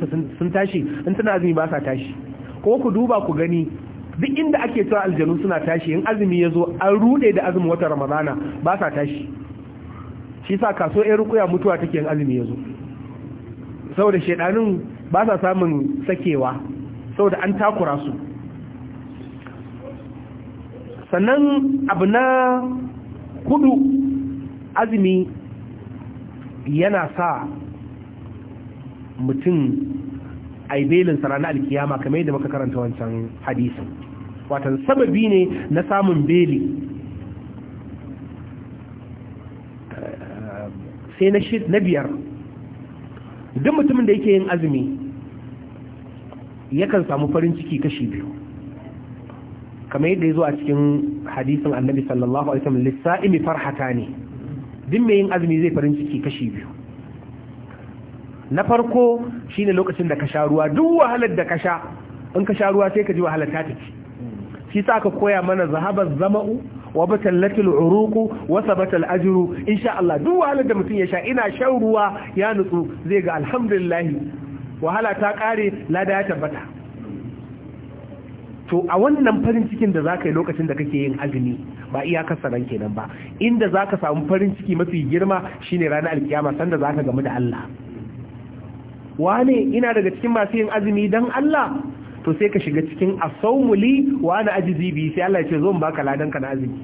sa sun tashi in tana azumi ba sa tashi ko ku duba ku gani duk inda ake cewa aljanu suna tashi in azumi ya zo an rude da azumin wata ramadana ba sa tashi shi sa kaso ɗaya rukuya mutuwa take yin azumi ya zo saboda shaidanin ba sa samun sakewa saboda an takura su sannan abu na kudu azumi yana sa mutum belinsa ranar alkiyama kamar yadda maka karanta wancan hadisun watan sababi ne na samun beli eh, sai na biyar duk mutumin da yake yin azumi yakan samu farin ciki kashi biyu kamar yadda ya zo a cikin hadisin annabi sallallahu alaihi wasallam lissa'imi farhata ne duk mai yin azumi zai farin ciki kashi biyu na farko shine lokacin da ka sha ruwa duk wahalar da ka sha in ka sha ruwa sai ka ji wahalar ta tafi shi sa ka koya mana zahabar zama'u wa batallatil uruqu wa sabatal ajru insha Allah duk wahalar da mutum ya sha ina shan ruwa ya nutsu zai ga alhamdulillah wahala ta kare lada ya tabbata to a wannan farin cikin da zaka yi lokacin da kake yin azumi ba iyakar kasaran kenan ba inda zaka samu farin ciki mafi girma shine ranar alkiyama sanda zaka gamu da Allah wane ina daga cikin masu yin azumi dan Allah to sai ka shiga cikin asaumuli wa ana ajizi bi sai Allah ya ce zo mu baka ladan ka na azumi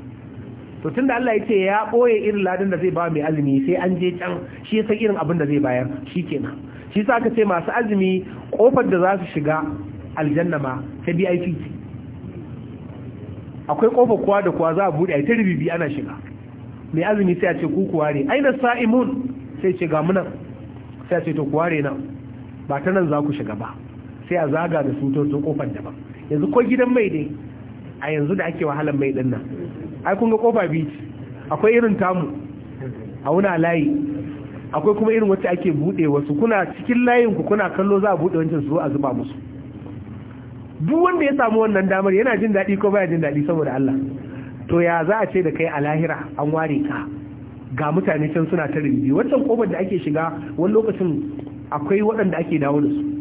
to tunda Allah ya ce ya boye irin ladan da zai ba mai azumi sai an je can shi yasa irin abin da zai bayar shikenan shi yasa aka ce masu azumi kofar da za su shiga aljanna ma ta BIP akwai kofar kuwa da kuwa za a bude ai ta ribibi ana shiga mai azumi sai a ce ku kuwa ne aina sa'imun sai ce ga munan sai a ce to kuwa ne nan ba ta nan za ku shiga ba sai a zaga da su kofar daban yanzu ko gidan mai dai a yanzu da ake wahalar mai dinnan nan ai kun ga kofa biyu akwai irin tamu a wuna layi akwai kuma irin wacce ake bude wasu kuna cikin layin ku kuna kallo za a bude wancan su a zuba musu duk wanda ya samu wannan damar yana jin daɗi ko baya jin daɗi saboda Allah to ya za a ce da kai a lahira an ware ka ga mutane can suna ta rinji wancan kofar da ake shiga wani lokacin akwai waɗanda ake dawo da su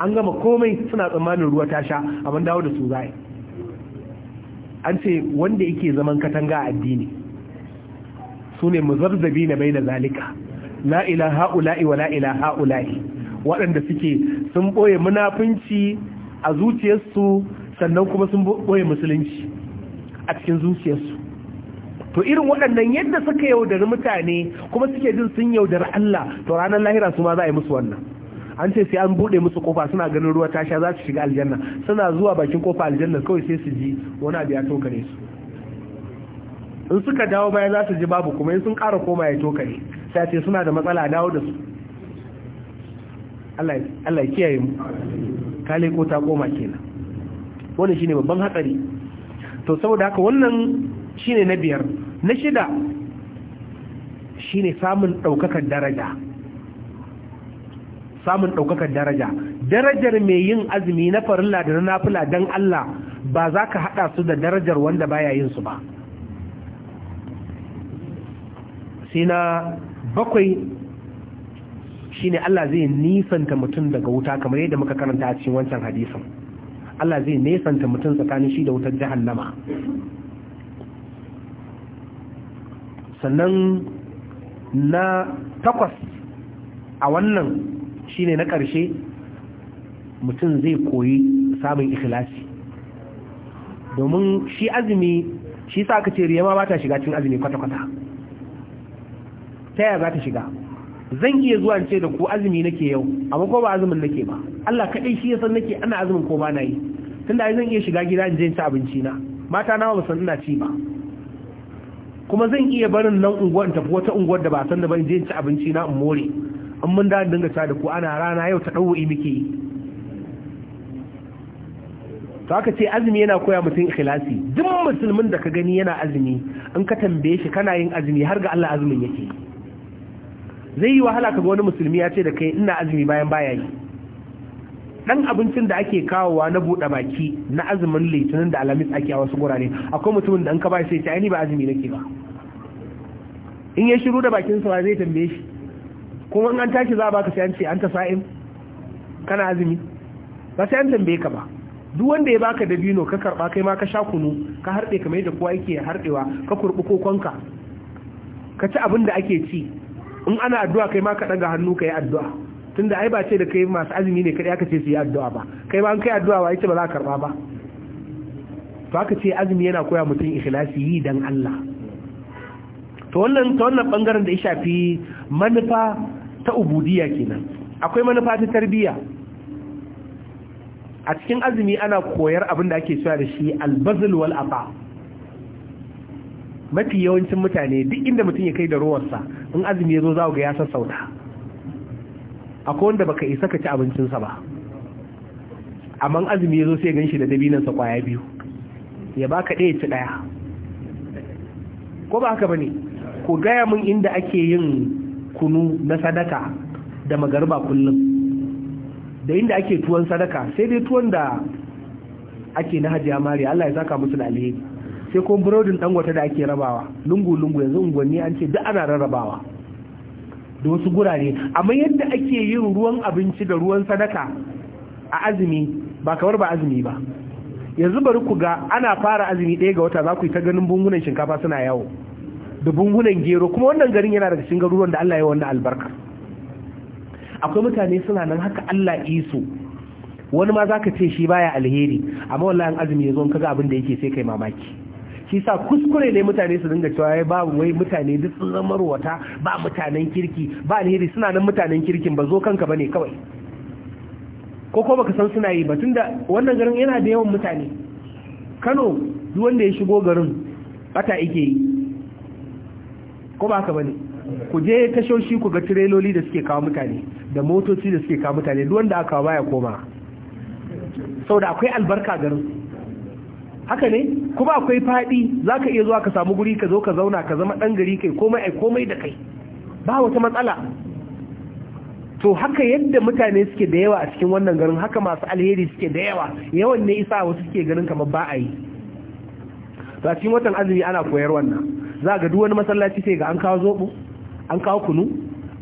an gama komai suna tsammanin ruwa ta sha abin dawo da su zai an ce wanda yake zaman katanga a addini su ne mazarzabi na bai da zalika la'ila ha'ula'i wa la'ila ha'ula'i waɗanda suke sun ɓoye munafunci a zuciyarsu sannan kuma sun ɓoye musulunci a cikin zuciyarsu to irin waɗannan yadda suka yaudari mutane kuma suke jin sun yaudari Allah to ranar lahira su ma za a yi musu wannan an ce sai an bude musu kofa suna ganin ruwa ta sha za su shiga aljanna suna zuwa bakin kofa aljanna kawai sai su ji wani abu ya tokare su in suka dawo baya za su ji babu kuma in sun kara koma ya tokare sai ce suna da matsala dawo da su Allah ya kiyaye mu ka leko ta koma kenan wannan shine babban hatsari to saboda haka wannan shine na biyar na shida shine samun daukakar daraja samun ɗaukakar daraja darajar mai yin azumi na farilla da na nafila don Allah ba za ka haɗa su da darajar wanda baya yin su ba sai na bakwai ne Allah zai nisanta mutum daga wuta kamar yadda muka karanta a cikin wancan hadisin Allah zai nisanta mutum tsakanin shi da wutar jahannama sannan na takwas a wannan shine na ƙarshe mutum zai koyi samun ikhlasi domin shi azumi shi sa aka ce riya ma ba ta shiga cin azumi kwata-kwata ta yaya za ta shiga zan iya zuwa ce da ku azumi nake yau amma ko ba azumin nake ba Allah kaɗai shi ya san nake ana azumin ko ba na yi tunda ai zan iya shiga gida in je ci abinci na mata na ba san ina ci ba kuma zan iya barin nan unguwar tafi wata unguwar da ba san da ban je ci abinci na in more an mun da dinga ta da ku ana rana yau ta ɗauwa'i muke yi to aka ce azumi yana koya mutum ikhlasi duk musulmin da ka gani yana azumi in ka tambaye shi kana yin azumi har ga Allah azumin yake zai yi wahala kaga wani musulmi ya ce da kai ina azumi bayan baya yi dan abincin da ake kawowa na buɗe baki na azumin litinin da alamis ake a wasu gurare akwai mutumin da an ka ba sai ce ai ni ba azumi nake ba in ya shiru da bakin sa zai tambaye shi kuma in an tashi za a baka sai an ce an ta sa'in kana azumi ba sai an tambaye ka ba duk wanda ya baka dabino ka karba kai ma ka sha kunu ka harɗe kamar yadda kowa yake harɗewa ka kurɓi kokonka ka ci abin da ake ci in ana addu'a kai ma ka ɗaga hannu ka yi addu'a tunda ai ba ce da kai masu azumi ne kadai ka ce su yi addu'a ba kai ma an kai addu'a ba ita ba za a karɓa ba to aka ce azumi yana koya mutum ikhlasi yi dan Allah to wannan ta wannan bangaren da ya shafi manufa ta ubudiyya kenan akwai manufa ta tarbiyya a cikin azumi ana koyar abin da ake cewa da shi albazul wal afa mafi yawancin mutane duk inda mutum ya kai da ruwarsa in azumi ya zo za ga ya sassauta akwai wanda baka isa ka ci abincinsa ba amma azumi ya zo sai gan shi da dabinansa kwaya biyu ya baka ɗaya ci ɗaya ko ba haka ba ne ku gaya min inda ake yin kunu na sadaka da magarba kullum da inda ake tuwon sadaka sai dai tuwon da ake na hajiya mari Allah ya saka musu da alheri sai kuma burodin dangwata da ake rabawa lungu-lungu yanzu unguwanni an ce duk ana rarrabawa da wasu gurare amma yadda ake yin ruwan abinci da ruwan sadaka a azumi ba kamar ba azumi ba yanzu bari ku ga ana fara azumi ɗaya ga wata za ku yi ta ganin bungunan shinkafa suna yawo da bungunan gero kuma wannan garin yana daga cikin garuruwan da Allah ya wannan albarka akwai mutane suna nan haka Allah isu wani ma zaka ce shi baya alheri amma wallahi azumi yazo in kaga abin da yake sai kai mamaki shi sa kuskure ne mutane su dinga cewa ba wai mutane duk sun zama ruwata ba mutanen kirki ba alheri suna nan mutanen kirkin ba zo kanka bane kawai ko ko baka san suna yi ba tunda wannan garin yana da yawan mutane Kano duk wanda ya shigo garin bata yake yi ko ba ka bane ku je tashoshi ku ga tireloli da suke kawo mutane da motoci da suke kawo mutane duk wanda aka baya koma saboda akwai albarka garin haka ne kuma akwai fadi zaka iya zuwa ka samu guri ka zo ka zauna ka zama dan gari kai komai ai komai da kai ba wata matsala to haka yadda mutane suke da yawa a cikin wannan garin haka masu alheri suke da yawa yawan ne isa wasu suke garin kamar ba a yi ba cikin watan azumi ana koyar wannan za ga duk wani masallaci sai ga an kawo zobu an kawo kunu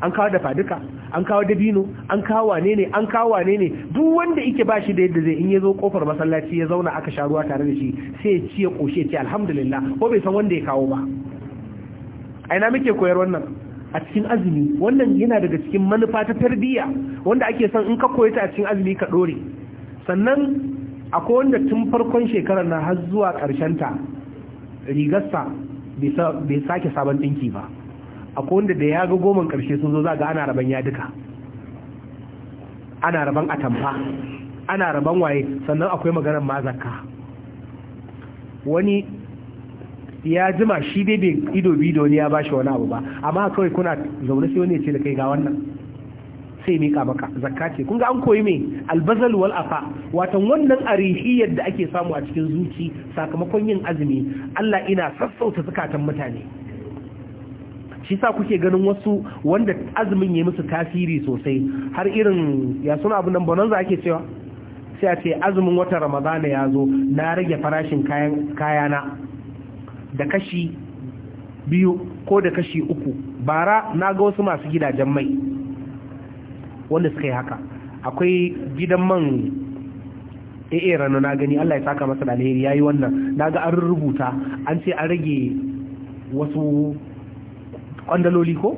an kawo dafa duka an kawo dabino an kawo wane ne an kawo wane ne duk wanda yake shi da yadda zai in ya zo kofar masallaci ya zauna aka sha ruwa tare da shi sai ya ci ya koshe ce alhamdulillah ko bai san wanda ya kawo ba a ina muke koyar wannan a cikin azumi wannan yana daga cikin manufa ta tarbiyya wanda ake son in ka koyi ta a cikin azumi ka dore sannan akwai wanda tun farkon shekarar na har zuwa karshen ta rigarsa bai sake sabon ɗinki ba akwai wanda da ya ga goman ƙarshe sun zo za ga ana raban ya duka ana raban atamfa ana raban waye sannan akwai maganar mazaka wani ya jima shi dai bai ido bidoni ya ya shi wani abu ba amma kawai kuna zaune sai wani ya ce da kai ga wannan sai mika maka zakka ce kun ga an koyi me albazal wal afa watan wannan arihiyar da ake samu a cikin zuci sakamakon yin azumi Allah ina sassauta zakatan mutane shi sa kuke ganin wasu wanda azumin ya musu tasiri sosai har irin ya suna abu nan bonanza ake cewa sai a ce azumin watan ramadana ya zo na rage farashin kayana da kashi biyu ko da kashi uku bara na ga wasu masu gidajen mai wanda suka yi haka akwai gidan man AA rana na gani Allah ya saka masa da alheri yayi wannan naga an rubuta an ce an rage wasu kwandaloli ko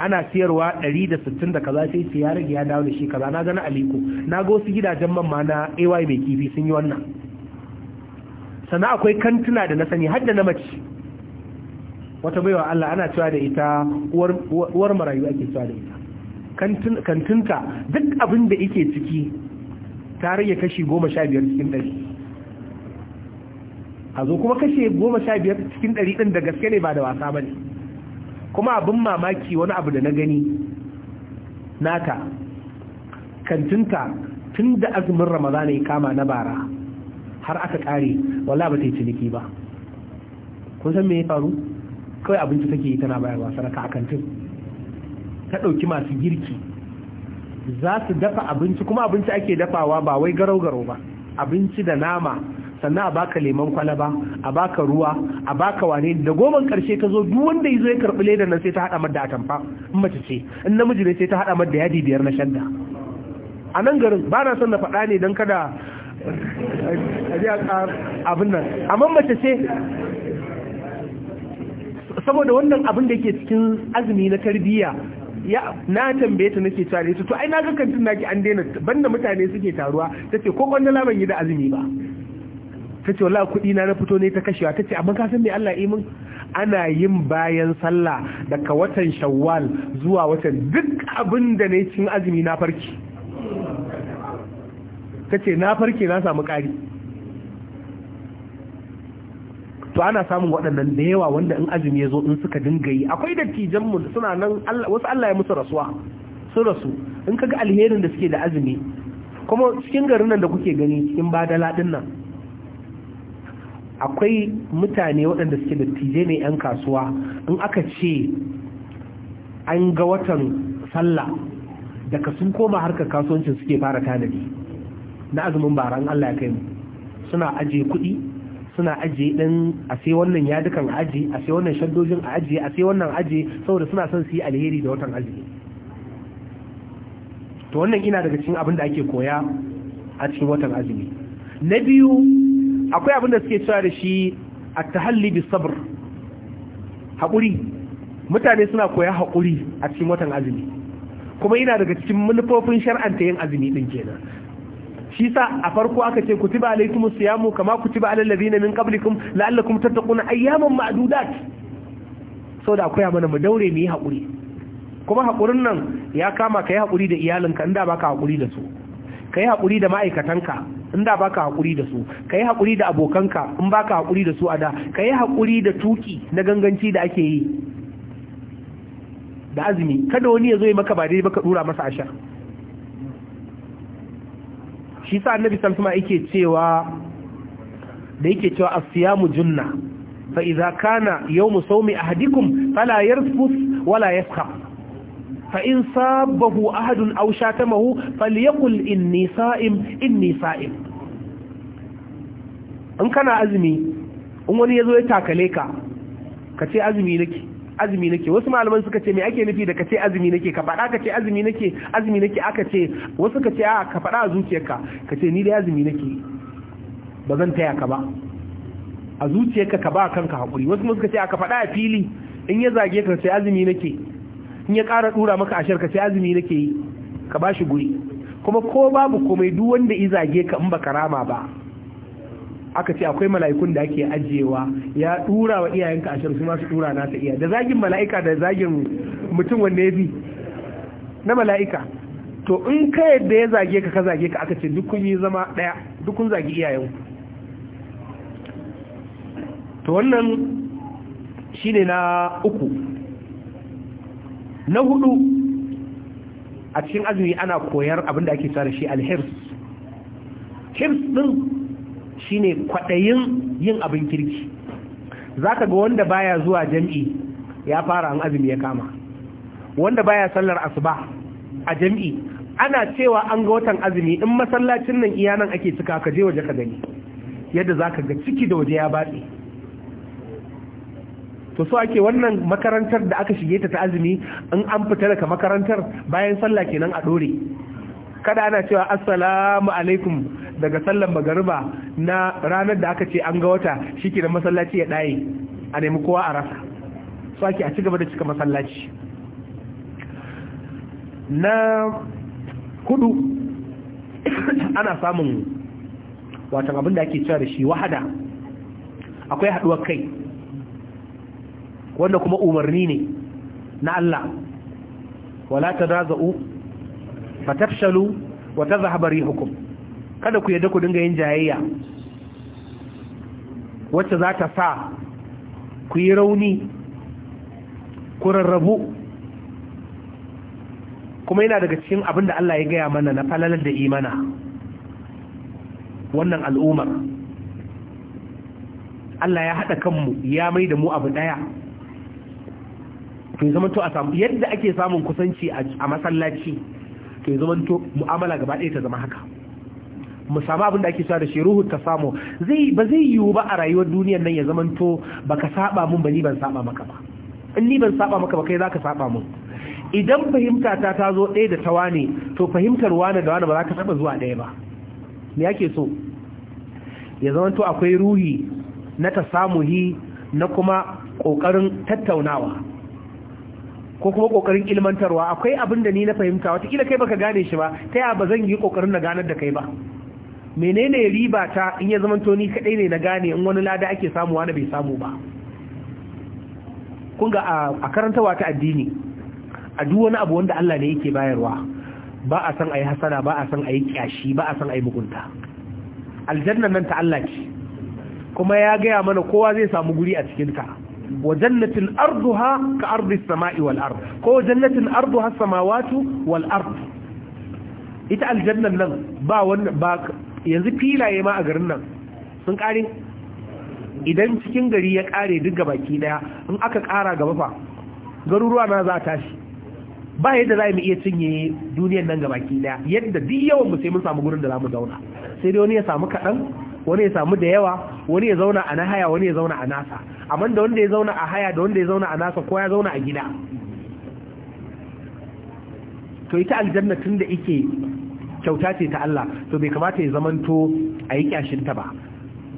ana siyarwa 160 da kaza sai ce ya rage ya dawo da shi kaza na gana aliko na ga wasu gidajen man ma na AY mai kifi sun yi wannan sannan akwai kantuna da na sani har da na mace wata baiwa Allah ana cewa da ita uwar marayu ake cewa da ita kantinta duk abin da yake ciki ta rage kashi goma sha biyar cikin ɗari a zo kuma kashe goma sha biyar cikin ɗari ɗin da gaske ne ba da wasa ba ne kuma abin mamaki wani abu da na gani nata kantinta tun da azumin ramadana ya kama na bara har aka kare wala ba ta yi ciniki ba kun san me ya faru kawai abinci take yi tana bayarwa sadaka a kantin ta ɗauki masu girki za su dafa abinci kuma abinci ake dafawa ba wai garau-garau ba abinci da nama sannan a baka lemon kwalaba a baka ruwa a baka wane da goman karshe ka zo duk wanda ya zo ya karɓi ledar nan sai ta haɗa madda a tamfa, in mace ce in namiji ne sai ta haɗa madda yadi biyar na shadda a nan garin ba na son na faɗa ne don kada a abin nan amma mace ce saboda wannan abin da ke cikin azumi na tarbiyya ya na tambaye ta nake tare ta to ai na ga kantin naki an daina banda mutane suke taruwa tace ko kwandala ban yi da azumi ba tace wallahi kudi na na fito ne ta kashewa tace amma ka san me Allah yi min ana yin bayan sallah daga watan Shawwal zuwa watan duk abin da ne cin azumi na farki tace na farke na samu kari. to ana samun waɗannan da yawa wanda in azumi ya zo in suka dinga yi akwai dattijan mu suna nan wasu Allah ya musu rasuwa su rasu in kaga alherin da suke da azumi kuma cikin garin nan da kuke gani cikin badala din nan akwai mutane waɗanda suke dattijai ne 'yan kasuwa in aka ce an ga watan sallah daga sun koma harkar kasuwancin suke fara tanadi na azumin bara in Allah ya kai mu suna ajiye kuɗi suna ajiye din a sai wannan dukan aji a sai wannan shaddojin a aji a sai wannan aji saboda suna son su yi alheri da watan azumi to wannan ina daga cikin abin da ake koya a cikin watan azumi na biyu akwai abin da suke cewa da shi at-tahalli bi sabr haƙuri mutane suna koya haƙuri a cikin watan azumi kuma ina daga cikin manufofin shar'anta yin azumi din kenan shi sa a farko aka ce ku tiba alaikum siyamu kama ku tiba alal ladina min qablikum la'allakum tattaquna ayyaman ma'dudat da akwai mana mu daure mu yi hakuri kuma hakurin nan ya kama kai hakuri da iyalinka inda baka hakuri da su kai hakuri da ma'aikatanka inda baka hakuri da su kai hakuri da abokanka in baka hakuri da su a da kai hakuri da tuki na ganganci da ake yi da azumi kada wani ya zo ya maka ba dai baka dura masa ashar shi sa annabi sallallahu yake cewa da yake cewa asiyamu junna fa idza kana yawmu sawmi ahadikum fala yarfus wala yasqa fa in sabahu ahadun aw shatamahu falyaqul inni sa'im inni sa'im in kana azumi in wani yazo ya takale ka ka ce azumi nake azumi nake wasu malaman suka ce me ake nufi da kace azumi nake ka faɗa kace azumi nake azumi nake aka ce wasu kace a ka faɗa a zuciyarka kace ni da azumi nake ba zan taya ka ba a zuciyarka ka ba kanka hakuri wasu suka ce ka faɗa a fili in ya zage ka sai azumi nake in ya ƙara dura maka ashar ka sai azumi nake ka ka bashi guri kuma ko babu komai duk wanda ya zage ka in baka rama ba aka ce akwai mala'ikun da ake ajiyewa ya dura wa iyayenka a shirin su masu dura ta iya da zagin mala'ika da zagin mutum wanda ya bi na mala'ika to in ka yadda ya zage ka ka zage ka aka ce duk kun yi zama daya duk zagi iyayen to wannan shi ne na uku na hudu a cikin azumi ana koyar abinda ake tsara shi alhirs hirs din shine kwaɗayin yin abin kirki zaka ga wanda baya zuwa jami'i ya fara an azumi ya kama wanda baya sallar asuba a jami'i ana cewa an ga watan azumi in masallacin nan iyanan ake cika ka je waje ka gani yadda zaka ga ciki da waje ya batse to so ake wannan makarantar da aka shige ta ta azumi in an fita daga makarantar bayan sallah kenan a dore kada ana cewa assalamu alaikum daga sallan magariba na ranar da aka ce an ga wata shi ke da masallaci ya ɗaye a nemi kowa a rasa su ake a ci gaba da cika masallaci na kudu ana samun watan abin da ake cewa da shi wahada akwai haɗuwar kai wanda kuma umarni ne na Allah wala ta fa fatafshalu wa tadhhabu rihukum kada ku yadda ku dinga yin jayayya wacce za ta sa ku yi rauni ku rarrabu kuma yana daga cikin abin da Allah ya gaya mana na falalar da imana wannan al'ummar Allah ya haɗa kanmu ya mai da mu abu ɗaya ke zama to a samu yadda ake samun kusanci a masallaci to zama to mu'amala gaba ɗaya ta zama haka mu samu abin da ake cewa da shi ruhu ta samu zai ba zai yiwu ba a rayuwar duniyar nan ya zamanto baka saba mun ba ni ban saba maka ba in ni ban saba maka ba kai zaka saba mun idan fahimta ta ta zo ɗaya da tawa ne to fahimtar wani da wani ba za ka saba zuwa ɗaya ba me ake so ya zamanto akwai ruhi na ta samu hi na kuma ƙoƙarin tattaunawa ko kuma kokarin ilmantarwa akwai abin da ni na fahimta wata kila kai baka gane shi ba ta yaya ba zan yi kokarin na ganar da kai ba menene riba ta in ya zama toni kadai ne na gane in wani lada ake samuwa wani bai samu ba kun a karantawa ta addini a duk wani abu wanda Allah ne yake bayarwa ba a san ayi hasara, ba a san ayi kyashi ba a san ayi mugunta aljanna nan ta Allah ce kuma ya gaya mana kowa zai samu guri a cikin ta wa jannatin arduha ka ardi samai wal ard ko jannatin arduha samawati wal ard ita aljanna nan ba wannan ba yanzu filaye ma a garin nan sun kare idan cikin gari ya kare duk ga baki daya in aka kara gaba fa garuruwa na za a tashi ba yadda za mu iya cinye duniyar nan gabaki daya yadda duk yawan mu sai mun samu gurin da za mu zauna sai dai wani ya samu kaɗan wani ya samu da yawa wani ya zauna a na haya wani ya zauna a nasa amma da wanda ya zauna a haya da wanda ya zauna a nasa ko ya zauna a gida to ita aljanna tun da ike kyauta ce ta Allah to bai kamata ya zamanto a yi kyashin ba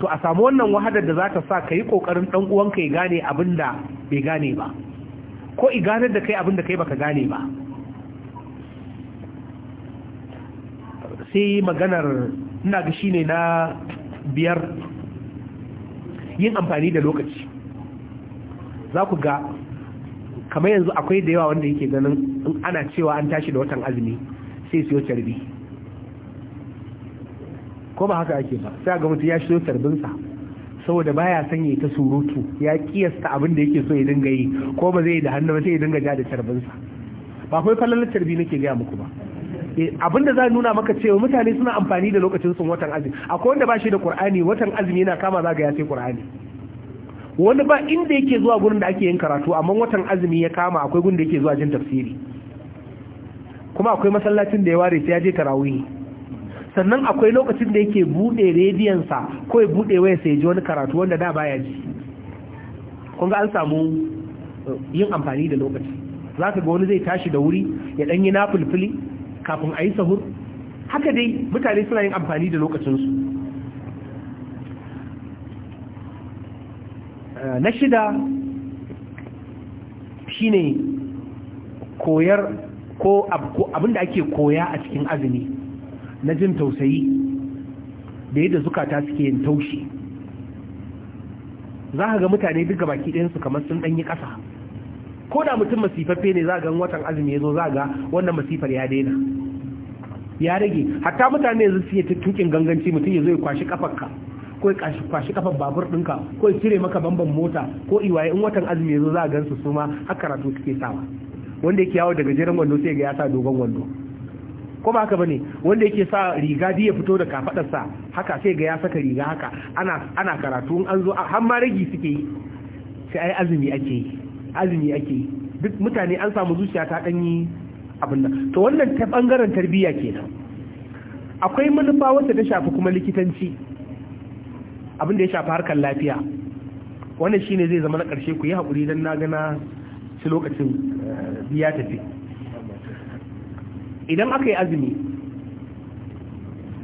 to a samu wannan wahadar da za ka sa ka yi ƙoƙarin ɗan ka ya gane abin da bai gane ba ko i ganar da kai abin da kai baka gane ba sai maganar ina ga shine na biyar yin amfani da lokaci za ku ga kamar yanzu akwai da yawa wanda yake ganin ana cewa an tashi da watan azumi sai siyo carbi ko ba haka ake ba sai ga mutum ya shiro sarbinsa saboda baya son ya ta surutu ya kiyasta abin da yake so ya dinga yi ko ba zai yi da hannu ba sai ya dinga ja da sarbinsa ba kai kallon tarbi nake gaya muku ba eh, abin da za nuna maka cewa mutane suna amfani da lokacin sun watan azumi akwai wanda ba shi da qur'ani watan azumi yana kama zaga ya sai qur'ani wani ba inda yake zuwa gurin da ake yin karatu amma watan azumi ya kama akwai gurin da yake zuwa jin tafsiri kuma akwai masallacin da ya ware sai ya je tarawih sannan akwai lokacin da yake buɗe rediyonsa ko ya buɗe waya sai ji wani karatu wanda da baya ji kun ga an samu eh, yin amfani da lokaci za ka ga wani zai tashi da wuri ya ɗan yi na kafin a yi sahur haka dai mutane suna yin amfani da lokacinsu eh, na shida shine koyar ko abin ake koya a cikin azumi na jin tausayi da yadda zukata suke yin taushi za ka ga mutane duk ga baki ɗayansu kamar sun ɗanyi ƙasa ko da mutum masifaffe ne za ga watan azumi ya zo za ga wannan masifar ya daina ya rage hatta mutane yanzu su yi tukin ganganci mutum ya zo ya kwashi kafarka ko ya kwashi kafar babur ɗinka ko ya cire maka bamban mota ko iwaye in watan azumi ya zo za a gansu su ma har karatu suke sawa wanda ya yawo daga jiran wando sai ga ya sa dogon wando ko ba haka bane wanda yake sa riga ya fito da kafadarsa haka sai ga ya saka riga haka ana ana karatu an zo har ma ragi suke yi sai ai azumi ake yi azumi ake yi duk mutane an samu zuciya ta danyi abin nan to wannan ta bangaren tarbiyya kenan akwai manufa wacce ta shafi kuma likitanci abin da ya shafi harkar lafiya wannan shine zai zama na karshe ku yi hakuri dan na gana shi lokacin eh, biya tafi idan aka yi azumi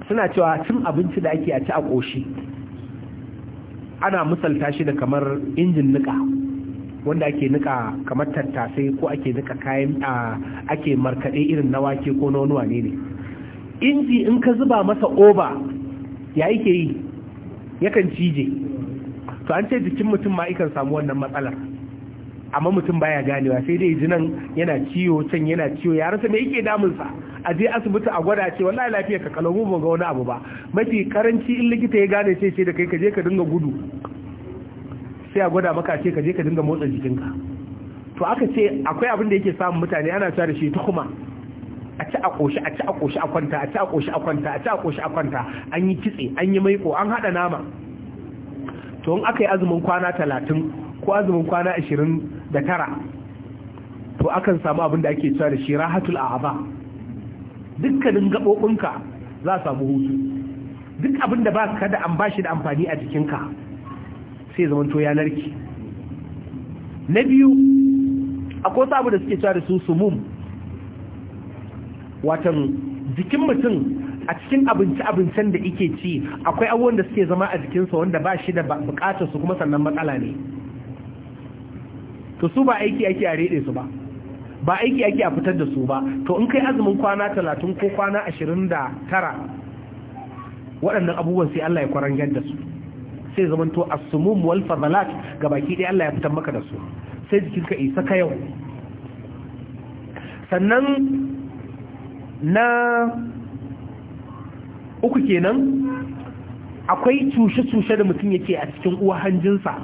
suna cewa cin abinci da ake a ci a ƙoshi ana misalta shi da kamar injin nika wanda ake nika kamar tattasai ko ake nika kayan ake markaɗe irin na wake ko na wani wane ne inji in ka zuba masa oba ya yake yi yakan cije to an ce jikin mutum ma ikan samu wannan matsalar amma mutum baya ganewa sai dai ji nan yana ciwo can yana ciwo ya rasa me yake damunsa a je asibiti a gwada ce wallahi lafiya ka kalo mu ga wani abu ba mafi karanci in likita ya gane sai ce da kai ka je ka dinga gudu sai a gwada maka ce ka je ka dinga motsa jikinka to aka ce akwai abin da yake samun mutane ana cewa da shi tukuma a ci a koshi a ci a koshi a kwanta a ci a koshi a kwanta a ci a koshi a kwanta an yi kitse an yi maiko an hada nama to in aka yi azumin kwana talatin ko azumin kwana ashirin da tara to akan samu abin da ake cewa da shi rahatul a'aba dukkanin gaɓoɓinka za su samu hutu duk abin da ba ka da an bashi da amfani a jikinka sai zaman to ya narki na biyu akwai sabu da suke cewa da su sumum watan jikin mutum a cikin abinci-abincin da ike ci akwai abubuwan da suke zama a jikinsa wanda ba shi da bukatar su kuma sannan matsala ne to su ba aiki ake a rede su ba ba aiki ake a fitar da su ba to in kai azumin kwana talatin ko kwana ashirin da tara waɗannan abubuwan sai Allah ya kwarangar da su sai zamanto as-sumum wal fadalat ga baki ɗaya Allah ya fitar maka da su sai jikinka isa ka yau sannan na uku kenan akwai cushe-cushe da mutum yake a cikin uwa hanjinsa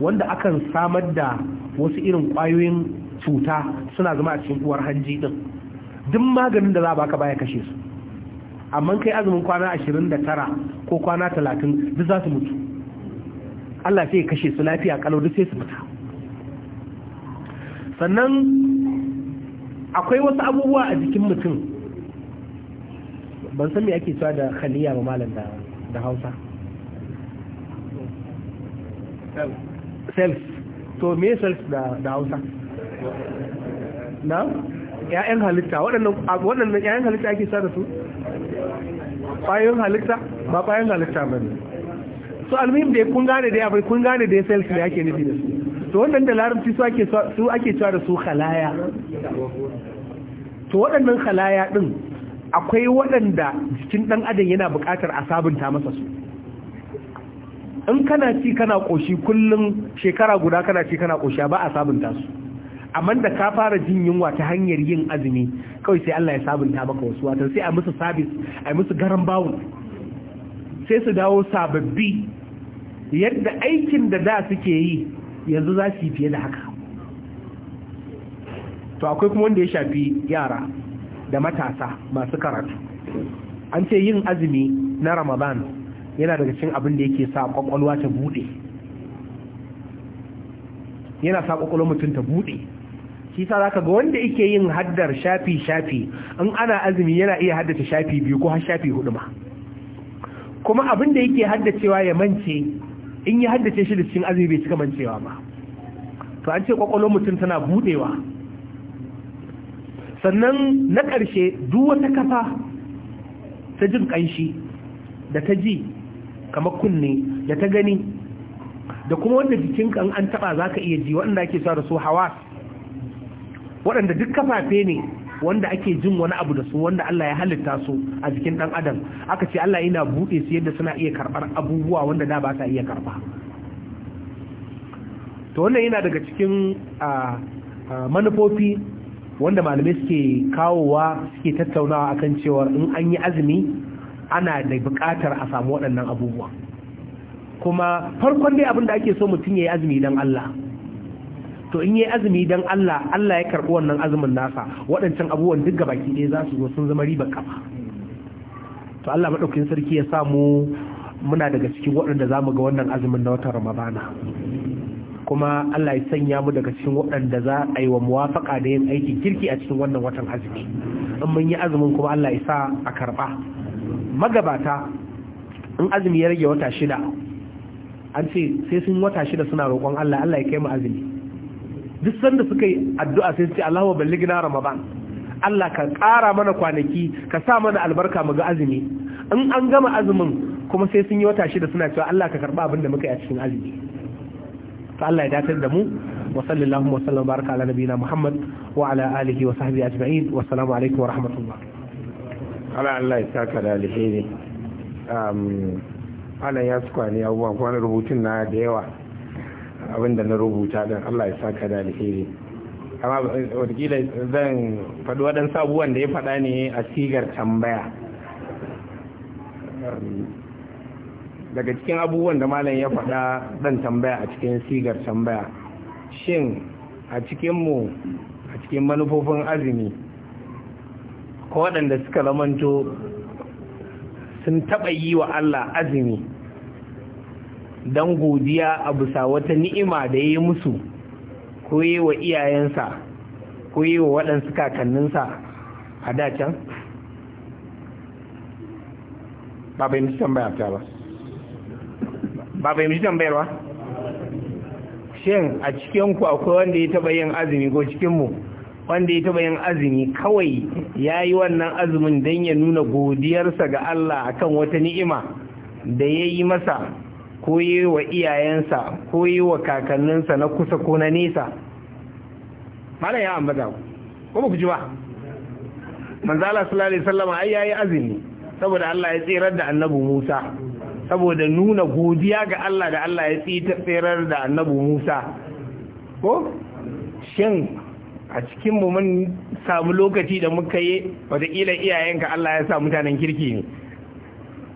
wanda akan samar da wasu irin ƙwayoyin cuta suna zama a cikin uwar hanji din duk maganin da za baka baya kashe su amma kai azumin kwana 29 ko kwana 30 duk za su mutu Allah sai ya kashe su lafiya kalo duk sai su mutu sannan akwai wasu abubuwa a jikin mutum ban san me ake cewa da khaliya ba malam da Hausa self to me self da da Hausa na ƴaƴan halitta waɗannan waɗannan ƴaƴan halitta ake sa da su ƙwayoyin halitta ba ƙwayoyin halitta ba ne so almuhim da kun gane da abai kun gane da self ne ake nufi da su to wannan da larabci su ake su ake cewa da su khalaya to waɗannan khalaya din akwai waɗanda jikin ɗan adam yana buƙatar a sabunta masa su in kana ci kana koshi kullum shekara guda kana ci kana koshi ba a sabunta su amma da ka fara jin yunwa ta hanyar yin azumi kawai sai Allah ya sabunta maka wasu wata sai a musu sabis a musu garan sai su dawo sababbi yadda aikin da da suke yi yanzu za su yi fiye da haka to akwai kuma wanda ya shafi yara da matasa masu karatu an ce yin azumi na ramadan yana daga cikin abin da yake sa kwakwalwa ta bude yana sa kwakwalwa mutum ta bude shi sa zaka ga wanda yake yin haddar shafi shafi in ana azumi yana iya haddace shafi biyu ko har shafi hudu ma kuma abin da yake haddacewa ya mance in ya haddace shi da cikin azumi bai cika mancewa ba to an ce kwakwalwar mutum tana budewa sannan na ƙarshe duk wata kafa ta jin ƙanshi da ta ji kamar kunne da ta gani da kuma wanda jikinka an taba za ka iya ji waɗanda ake sa da su hawa waɗanda duk kafafe ne wanda ake jin wani abu da su wanda Allah ya halitta su a jikin ɗan adam aka ce Allah yana buɗe su yadda suna iya karɓar abubuwa wanda da ba sa iya karɓa to wannan yana daga cikin manufofi wanda malamai suke kawowa suke tattaunawa akan cewa in an yi azumi ana da buƙatar a samu waɗannan abubuwa kuma farkon dai abin da ake so mutum ya yi azumi don Allah to in yi azumi don Allah Allah ya karɓi wannan azumin nasa waɗancan abubuwan duk baki ɗaya za su zo sun zama riba kafa to Allah maɗaukin sarki ya samu muna daga cikin waɗanda za mu ga wannan azumin na watan ramadana kuma Allah ya sanya mu daga cikin waɗanda za a yi wa muwafaƙa da yin aikin kirki a cikin wannan watan azumi in mun yi azumin kuma Allah ya sa a karɓa magabata in azumi ya rage wata shida an ce sai sun wata shida suna roƙon Allah Allah ya kai mu azumi duk sanda suka yi addu'a sai su ce Allahu ballighna ramadan Allah ka ƙara mana kwanaki ka sa mana albarka mu ga azumi in an gama azumin kuma sai sun yi wata shida suna cewa Allah ka karba abin da muka yi a cikin azumi to Allah ya datar da mu wa sallallahu wa sallam baraka ala nabiyina Muhammad wa ala alihi wa sahbihi ajma'in wa assalamu alaikum wa rahmatullah ala Allah ya saka da alheri ana ya suka ne abubuwan kuma rubutun na da yawa abinda na rubuta don Allah ya saka da alheri amma wadakila zan faɗi waɗansu abubuwan da ya faɗa ne a sigar tambaya daga cikin abubuwan da malam ya faɗa zan tambaya a cikin sigar tambaya shin a cikinmu a cikin manufofin azumi ko waɗanda suka lamanto sun taɓa yi wa Allah azumi don godiya a bisa wata ni'ima da ya yi musu ko yi wa iyayensa ko yi wa waɗansu kakanninsa a dacan ba bai mishi tambaya ba shin a cikinku akwai wanda ya taɓa yin azumi ko cikinmu wanda ya taba yin azumi kawai ya yi wannan azumin don ya nuna godiyarsa ga Allah akan wata ni'ima da ya yi masa ko yi wa iyayensa ko yi wa kakanninsa na kusa ko na nesa malam ya ambata ko ku ji ba manzala sallallahu alaihi wasallam ai yayi azumi saboda Allah ya tsirar da annabi Musa saboda nuna godiya ga Allah da Allah ya tsirar da annabi Musa ko shin a cikin mu mun samu lokaci da muka yi wataƙila iyayenka Allah ya sa mutanen kirki ne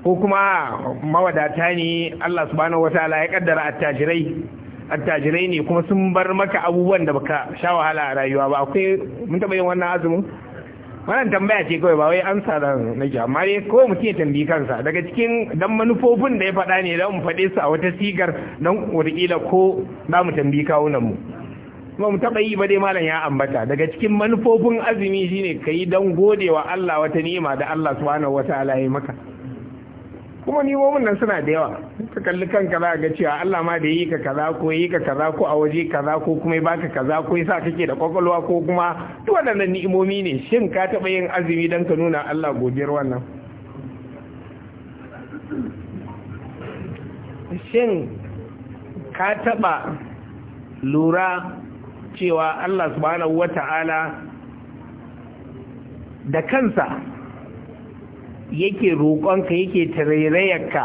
ko kuma mawadata ne Allah subhanahu wataala ya kaddara attajirai attajirai ne kuma sun bar maka abubuwan da baka sha wahala a rayuwa ba akwai mun taɓa yin wannan azumin wannan tambaya ce kawai ba wai an na ji amma dai kawai mutum ya tambayi kansa daga cikin dan manufofin da ya faɗa ne don mu faɗe su a wata sigar dan wataƙila ko za mu tambayi kawunan mu ba mu taɓa yi ba dai malam ya ambata daga cikin manufofin azumi shine ka yi don gode wa Allah wata ni'ima da Allah subhanahu wataala ya maka kuma ni'imomin nan suna da yawa ka kalli kanka za ga cewa Allah ma da yi ka kaza ko yi ka kaza ko a waje kaza ko kuma ya baka kaza ko yasa kake da kwakwalwa ko kuma duk waɗannan ni'imomi ne shin ka taɓa yin azumi don ka nuna Allah godiyar wannan shin ka taɓa lura cewa Allah subhanahu ta'ala da kansa yake roƙonka yake tarairayarka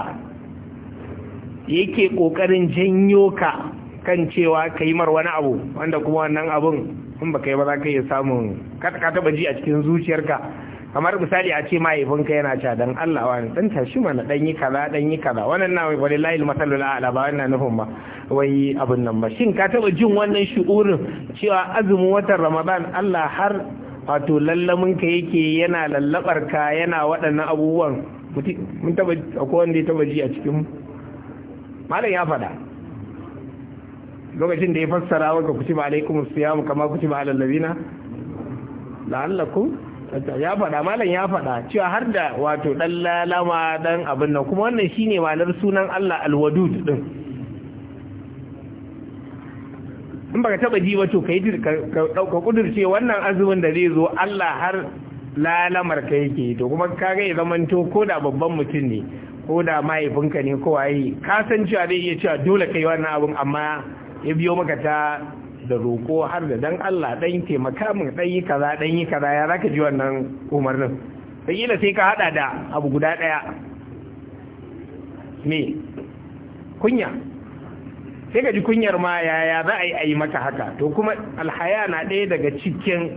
yake ƙoƙarin janyo ka kan cewa ka yi mar wani abu wanda kuma wannan abun in ba ka yi ba za ka iya samun ka taɓa ji a cikin zuciyarka kamar misali a ce mahaifinka yana cewa dan Allah wani dan tashi mana dan yi kaza dan yi kaza wannan na wani lahil masalul a'la ba wannan nufin ba wai abun nan ba shin ka taba jin wannan shu'urin cewa azumin watan Ramadan Allah har wato lallamin ka yake yana lallabar ka yana waɗannan abubuwan mun taba akwai wanda ya taba ji a cikin malam ya faɗa lokacin da ya fassara wa ga kutiba alaikumus siyam kama kutiba alal ladina la'allakum ya faɗa malam ya faɗa cewa har da wato ɗan lalama ɗan abin nan kuma wannan shine malar sunan Allah alwadud ɗin in baka taɓa ji wato to ka ka ƙudurce wannan azumin da zai zo Allah har lalamar ka yake to kuma ka ga ya zamanto ko da babban mutum ne ko da mahaifinka ne ko waye ka san cewa zai iya cewa dole kai wannan abin amma ya biyo maka ta da roƙo har da dan Allah dan taimaka min dan yi kaza dan yi kaza ya zaka ji wannan umarnin kila sai ka hada da abu guda daya me kunya sai ka ji kunyar ma yaya za a yi a yi maka haka to kuma alhaya na ɗaya daga cikin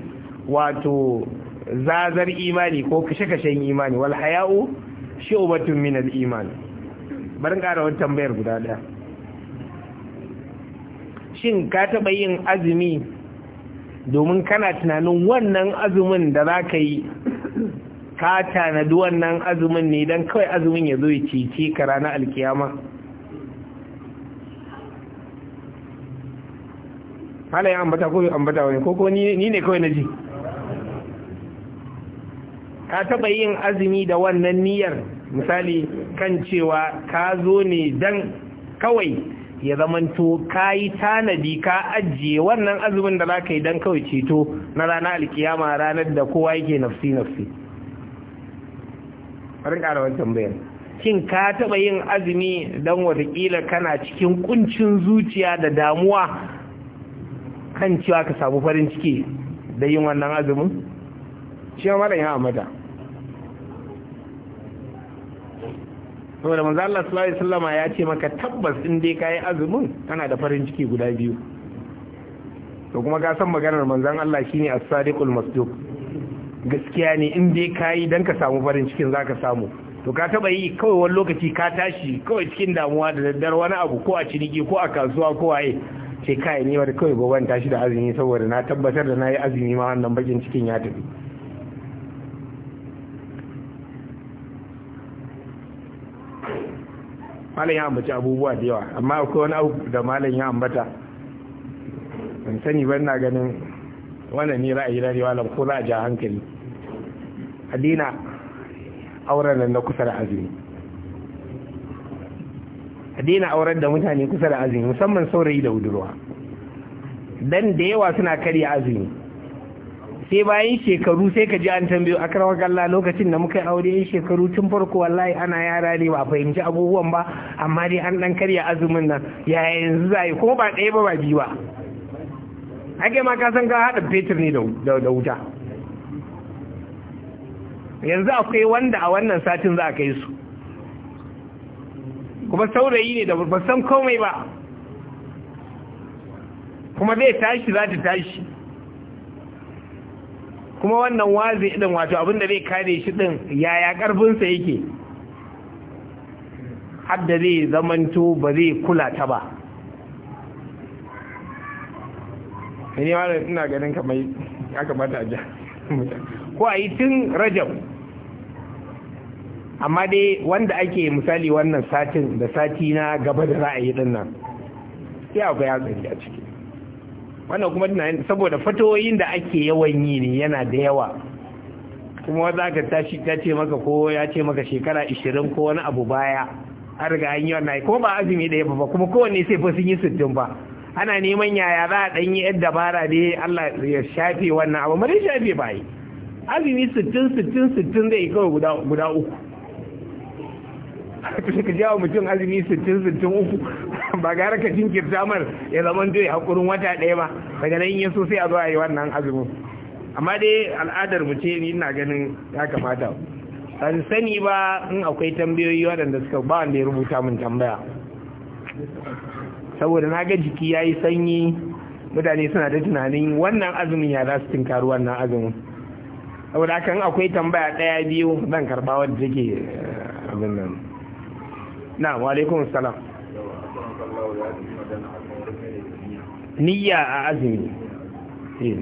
wato zazar imani ko kashe-kashen imani wal haya'u shi min al-iman barin ƙara wani tambayar guda ɗaya shin ka taɓa yin azumi domin kana tunanin wannan azumin da za ka yi ka tanadi wannan azumin ne don kawai azumin ya zo ya cece ka rana alkiyama hala ya ambata ko ambata wani koko ni ne kawai na ji ka taɓa yin azumi da wannan niyyar misali kan cewa ka zo ne don kawai ya zamanto ka yi tanadi ka ajiye wannan azumin da za ka yi don kawai ceto na rana alkiyama ranar da kowa yake nafsi-nafsi da wancan bayan shin ka taɓa yin azumi don watakila kana cikin ƙuncin zuciya da damuwa kan cewa ka samu farin ciki da yin wannan azumin shi mara yin mata. saboda manzo Allah sallallahu alaihi wasallama ya ce maka tabbas in dai kai azumin kana da farin ciki guda biyu to kuma ka san maganar manzon Allah shine as-sadiqul masduq gaskiya ne in dai kai dan ka samu farin cikin zaka samu to ka taba yi kawai wani lokaci ka tashi kawai cikin damuwa da daddar wani abu ko a ciniki ko a kasuwa ko waye ce kai ne wani kawai gobe tashi da azumi saboda na tabbatar da na yi azumi ma wannan bakin cikin ya tafi malam ya ambaci abubuwa da yawa amma akwai wani abu da malam ya ambata ban sani ban na ganin wannan ne ra'ayi na rewa lam ko za a ja hankali adina auren nan na kusa da azumi adina auren da mutane kusa da azumi musamman saurayi da budurwa dan da yawa suna karya azumi sai bayan shekaru sai ka ji an tambayo a karawar kalla lokacin da muka aure yin shekaru tun farko wallahi ana yara ne ba fahimci abubuwan ba amma dai an dan karya azumin nan ya yanzu zai kuma ba ɗaya ba ba biyu ba ake ma ka san ka haɗa fetur ne da wuta yanzu akwai wanda a wannan satin za a kai su kuma saurayi ne da ba san komai ba kuma zai tashi za ta tashi kuma wannan wazi din wato abin da zai kare shi din yaya karfinsa yake hadda zai zamanto ba zai kula ta ba ne ma ina ganin kamar ya kamata a ja ko a yi tun rajab amma dai wanda ake misali wannan satin da sati na gaba da ra'ayi din nan akwai hatsari a ciki wannan kuma tunanin saboda fatoyin da ake yawan yi ne yana da yawa kuma za ka tashi ta ce maka ko ya ce maka shekara 20 ko wani abu baya an riga an yi wannan kuma ba azumi da ɗaya ba kuma kowanne sai fa sun yi sittin ba ana neman yaya za a ɗan yi yadda dabara dai Allah ya shafe wannan abu mare shafe ba yi azumi sittin sittin sittin zai kawai guda uku tun ka jawo mutum azumi sittin sittin uku ba gara ka jinkirta mar ya zama ya hakurin wata ɗaya ba daga nan yin so a zuwa a yi wannan azumin amma dai al'adar mu ce ni ina ganin ya kamata ban sani ba in akwai tambayoyi waɗanda suka ba wanda ya rubuta min tambaya saboda na ga jiki ya yi sanyi mutane suna da tunanin wannan azumin ya za su tinkaru wannan azumin saboda hakan akwai tambaya ɗaya biyu zan karɓa wadda take eh, abin nan na walaikun salam niyya a azumi eh.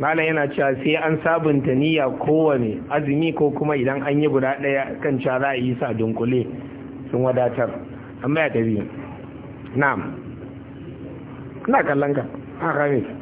malam yana cewa sai an sabunta niyya kowane azumi ko kuma idan an yi guda ɗaya kan cewa za a yi sa dunkule sun wadatar amma ya tabi na'am kallon ka a ramis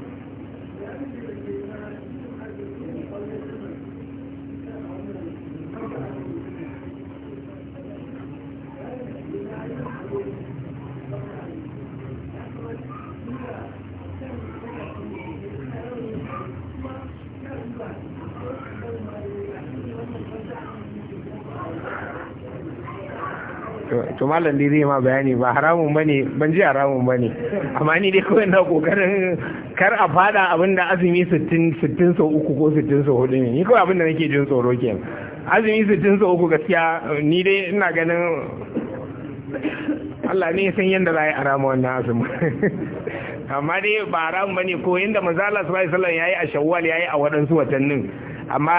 to malam dai zai ma bayani ba haramun bane ban ji haramun bane amma ni dai kawai na kokarin kar a fada abin da azumi 60 60 sau uku ko 60 sau hudu ne ni kawai abin da nake jin tsoro ke azumi 60 sau uku gaskiya ni dai ina ganin Allah ne san yadda za a yi a rama wannan azumi amma dai ba haramun bane ko yadda manzala sallallahu alaihi yayi a shawwal yayi a waɗansu watannin amma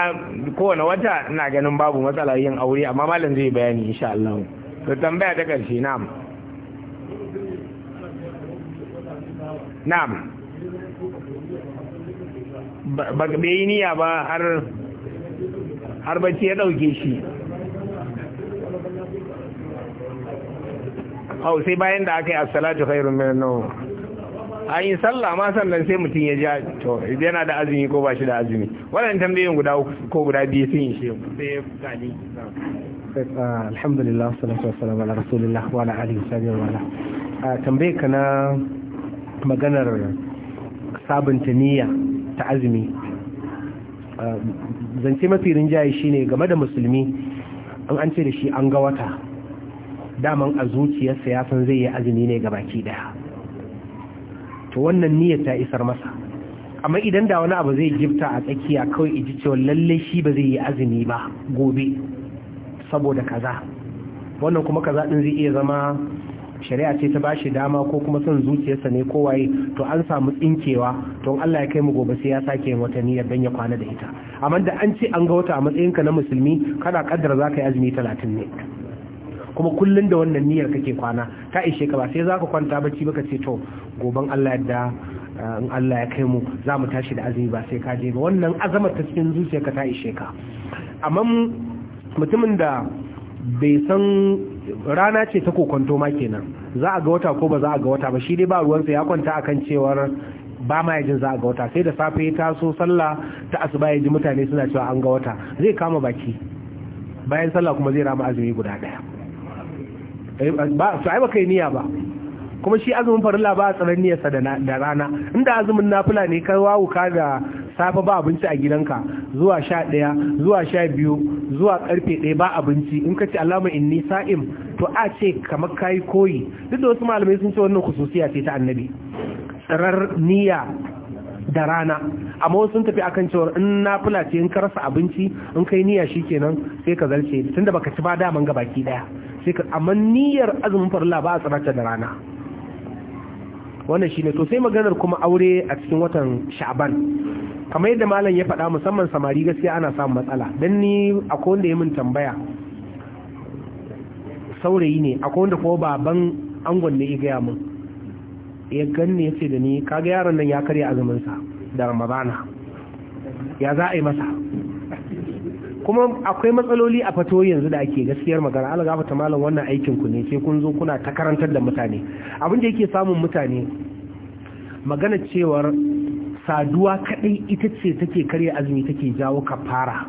kowane wata ina ganin babu matsala yin aure amma malam zai bayani insha Allah to tambaya ta ƙarshe nam, nam ba yi niya ba har har bacci ya ɗauke shi hau sai bayan da aka yi assalatu khairun min nau a yi sallah ma sannan sai mutum ya ja to yana da azumi ko ba shi da azumi waɗannan tambayoyin guda ko guda biyu sun yi shi sai ya gani Ah, alhamdulillah salatu wassalamu ala rasulillah wa ala alihi wa wala a ah, tambaye ka na maganar sabunta niyya ta azumi ah, zance mafi rinjaye shine game da musulmi an an ce da shi an ga wata daman a zuciyarsa ya san zai yi azumi ne gabaki daya to wannan niyyar ta isar masa amma idan da wani abu zai gifta a tsakiya kawai iji cewa lalle shi ba zai yi azumi ba gobe saboda kaza wannan kuma kaza din zai iya zama shari'a ce ta bashi dama ko kuma son zuciyarsa ne ko to an samu tsinkewa don Allah ya kai mu gobe sai ya sake yin wata niyyar dan ya kwana da ita amma da an ce an ga wata a matsayin ka na musulmi kana kaddara zaka yi azumi 30 ne kuma kullun da wannan niyyar kake kwana ta ishe ka ba sai zaka kwanta bacci baka ce to goben Allah yadda in Allah ya kai mu za mu tashi da azumi ba sai ka je ba wannan azamar ta cikin zuciyarka ta ishe ka amma mutumin da bai san rana ce ta kokonto ma kenan za a ga wata ko ba za a ga wata ba shi dai ba ruwansa ya kwanta akan cewar ba ma yajin za a ga wata sai da safe ta taso sallah ta asuba ya ji mutane suna cewa an ga wata zai kama baki bayan sallah kuma zai rama azumi guda daya eh, ba su ai ba kai niyya ba kuma shi azumin farilla ba a tsaron niyarsa da rana inda azumin fula ne kai ka da safe ba abinci a gidanka zuwa sha ɗaya zuwa sha biyu zuwa karfe ɗaya ba abinci in ka ce alama in sa'im to a ce kamar yi koyi duk da wasu malamai sun ce wannan kususiya ce ta annabi tsarar niyya da rana amma wasu sun tafi akan cewa in fula ce in ka rasa abinci in kai niyya shi kenan sai ka zarce tunda baka ci ba daman ga baki daya sai ka amma niyyar azumin farilla ba a tsarata da rana wannan ne to sai maganar kuma aure a cikin watan sha'ban kamar yadda malam ya faɗa musamman samari gaskiya ana samun matsala don ni akwai wanda ya min tambaya saurayi ne akwai wanda ba baban angon ne ya gaya min ya ganni ya ce da ni kaga yaron nan ya karya azumin sa da ramadana ya za a yi masa kuma akwai matsaloli a fato yanzu da ake gaskiyar magana ala ta malam wannan aikin ku ne sai kun zo kuna ta karantar da mutane abin da yake samun mutane magana cewar saduwa kadai ita ce take karya azumi take jawo kafara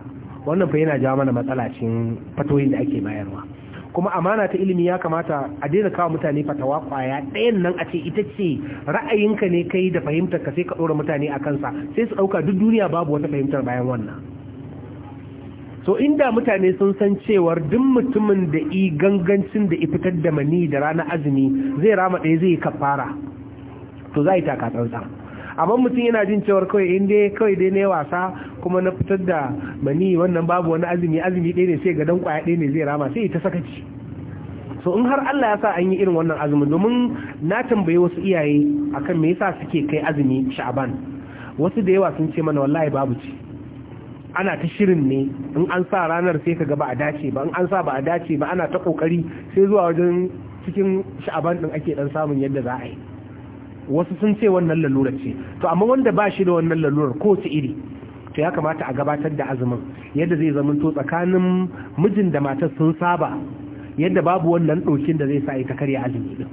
wannan fa yana jawo mana matsala cikin fatoyin da ake bayarwa kuma amana ta ilimi ya kamata a daina kawo mutane fatawa kwaya ɗayan nan a ce ita ce ra'ayinka ne kai da fahimtar ka sai ka ɗora mutane a kansa sai su ɗauka duk duniya babu wata fahimtar bayan wannan so inda mutane sun san cewar duk mutumin da i gangancin da fitar da mani da rana azumi zai rama ɗaya zai kafara to za a yi takatsantsa amma mutum yana jin cewar kawai inda kawai dai ne wasa kuma na fitar da mani wannan babu wani azumi azumi ɗaya ne sai ga dan kwaya ɗaya ne zai rama sai ta sakaci so in har Allah ya sa an yi irin wannan azumi domin na tambayi wasu iyaye akan me yasa suke kai azumi sha'aban wasu da yawa sun ce mana wallahi babu ci ana ta shirin ne in an sa ranar sai ka gaba a dace ba in an sa ba a dace ba ana ta kokari sai zuwa wajen cikin sha'aban din ake dan samun yadda za a yi wasu sun ce wannan lalurar ce to amma wanda ba shi da wannan lalurar ko ta iri to ya kamata a gabatar da azumin yadda zai zama to tsakanin mijin da matar sun saba yadda babu wannan dokin da zai sa ita karya azumi din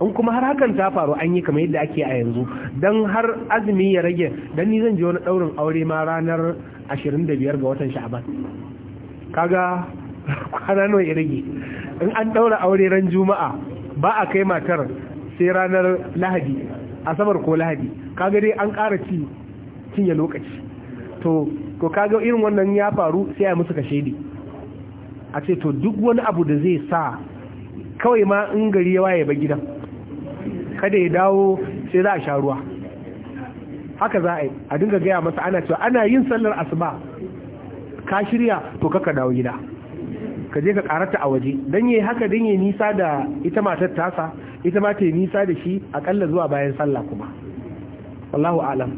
in kuma har hakan ta faru an yi kamar yadda ake a yanzu don har azumi ya rage don ni zan je wani ɗaurin aure ma ranar 25 ga watan sha'aban kaga kwana nawa ya rage in an ɗaura aure ran juma'a ba a kai matar sai ranar lahadi asabar ko lahadi kaga dai an ƙara ci cinye lokaci to ko kaga irin wannan ya faru sai a musu kashedi a ce to duk wani abu da zai sa kawai ma in gari ya waye ba gidan kada ya dawo sai za a sha ruwa haka za a yi a dinga gaya masa ana cewa ana yin sallar asuba ka shirya to kaka dawo gida ka je ka karata a waje don yi haka don yi nisa da ita matar tasa ita ma ta yi nisa da shi akalla zuwa bayan sallah kuma wallahu alam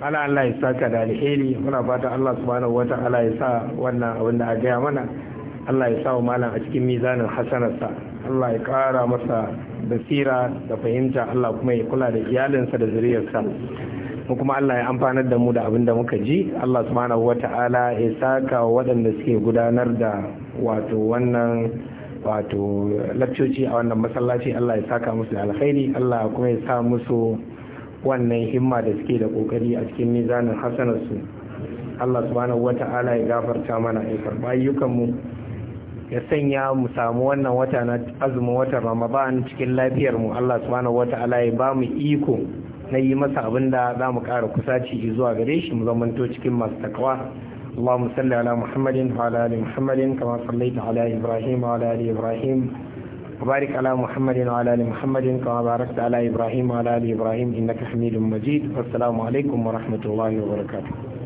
ala Allah ya saka da alheri muna fata Allah subhanahu wataala ya sa wannan abin da a gaya mana Allah ya sa wa malam a cikin mizanin hasanarsa Allah ya ƙara masa basira da fahimta Allah kuma ya kula da iyalinsa da zuriyarsa mu kuma Allah ya amfanar da mu da abin da muka ji Allah subhanahu wata'ala ya saka waɗanda suke gudanar da wato wannan wato lakcoci a wannan masallaci Allah ya saka musu da alkhairi Allah kuma ya sa musu wannan himma da suke da kokari a cikin mizanin hasanarsu Allah subhanahu wata'ala ya gafarta mana ya karɓa ayyukan mu ya sanya mu samu wannan wata na azumin watan ramadan cikin lafiyar mu Allah subhanahu wata'ala ya ba mu iko na yi masa abin da za mu ƙara kusaci zuwa gare shi mu zamanto cikin masu takawa اللهم صل على محمد وعلى muhammadin kama كما صليت ibrahim ابراهيم وعلى ال ابراهيم وبارك على محمد وعلى ال محمد كما باركت على ابراهيم وعلى ال ابراهيم انك حميد مجيد والسلام عليكم ورحمه الله وبركاته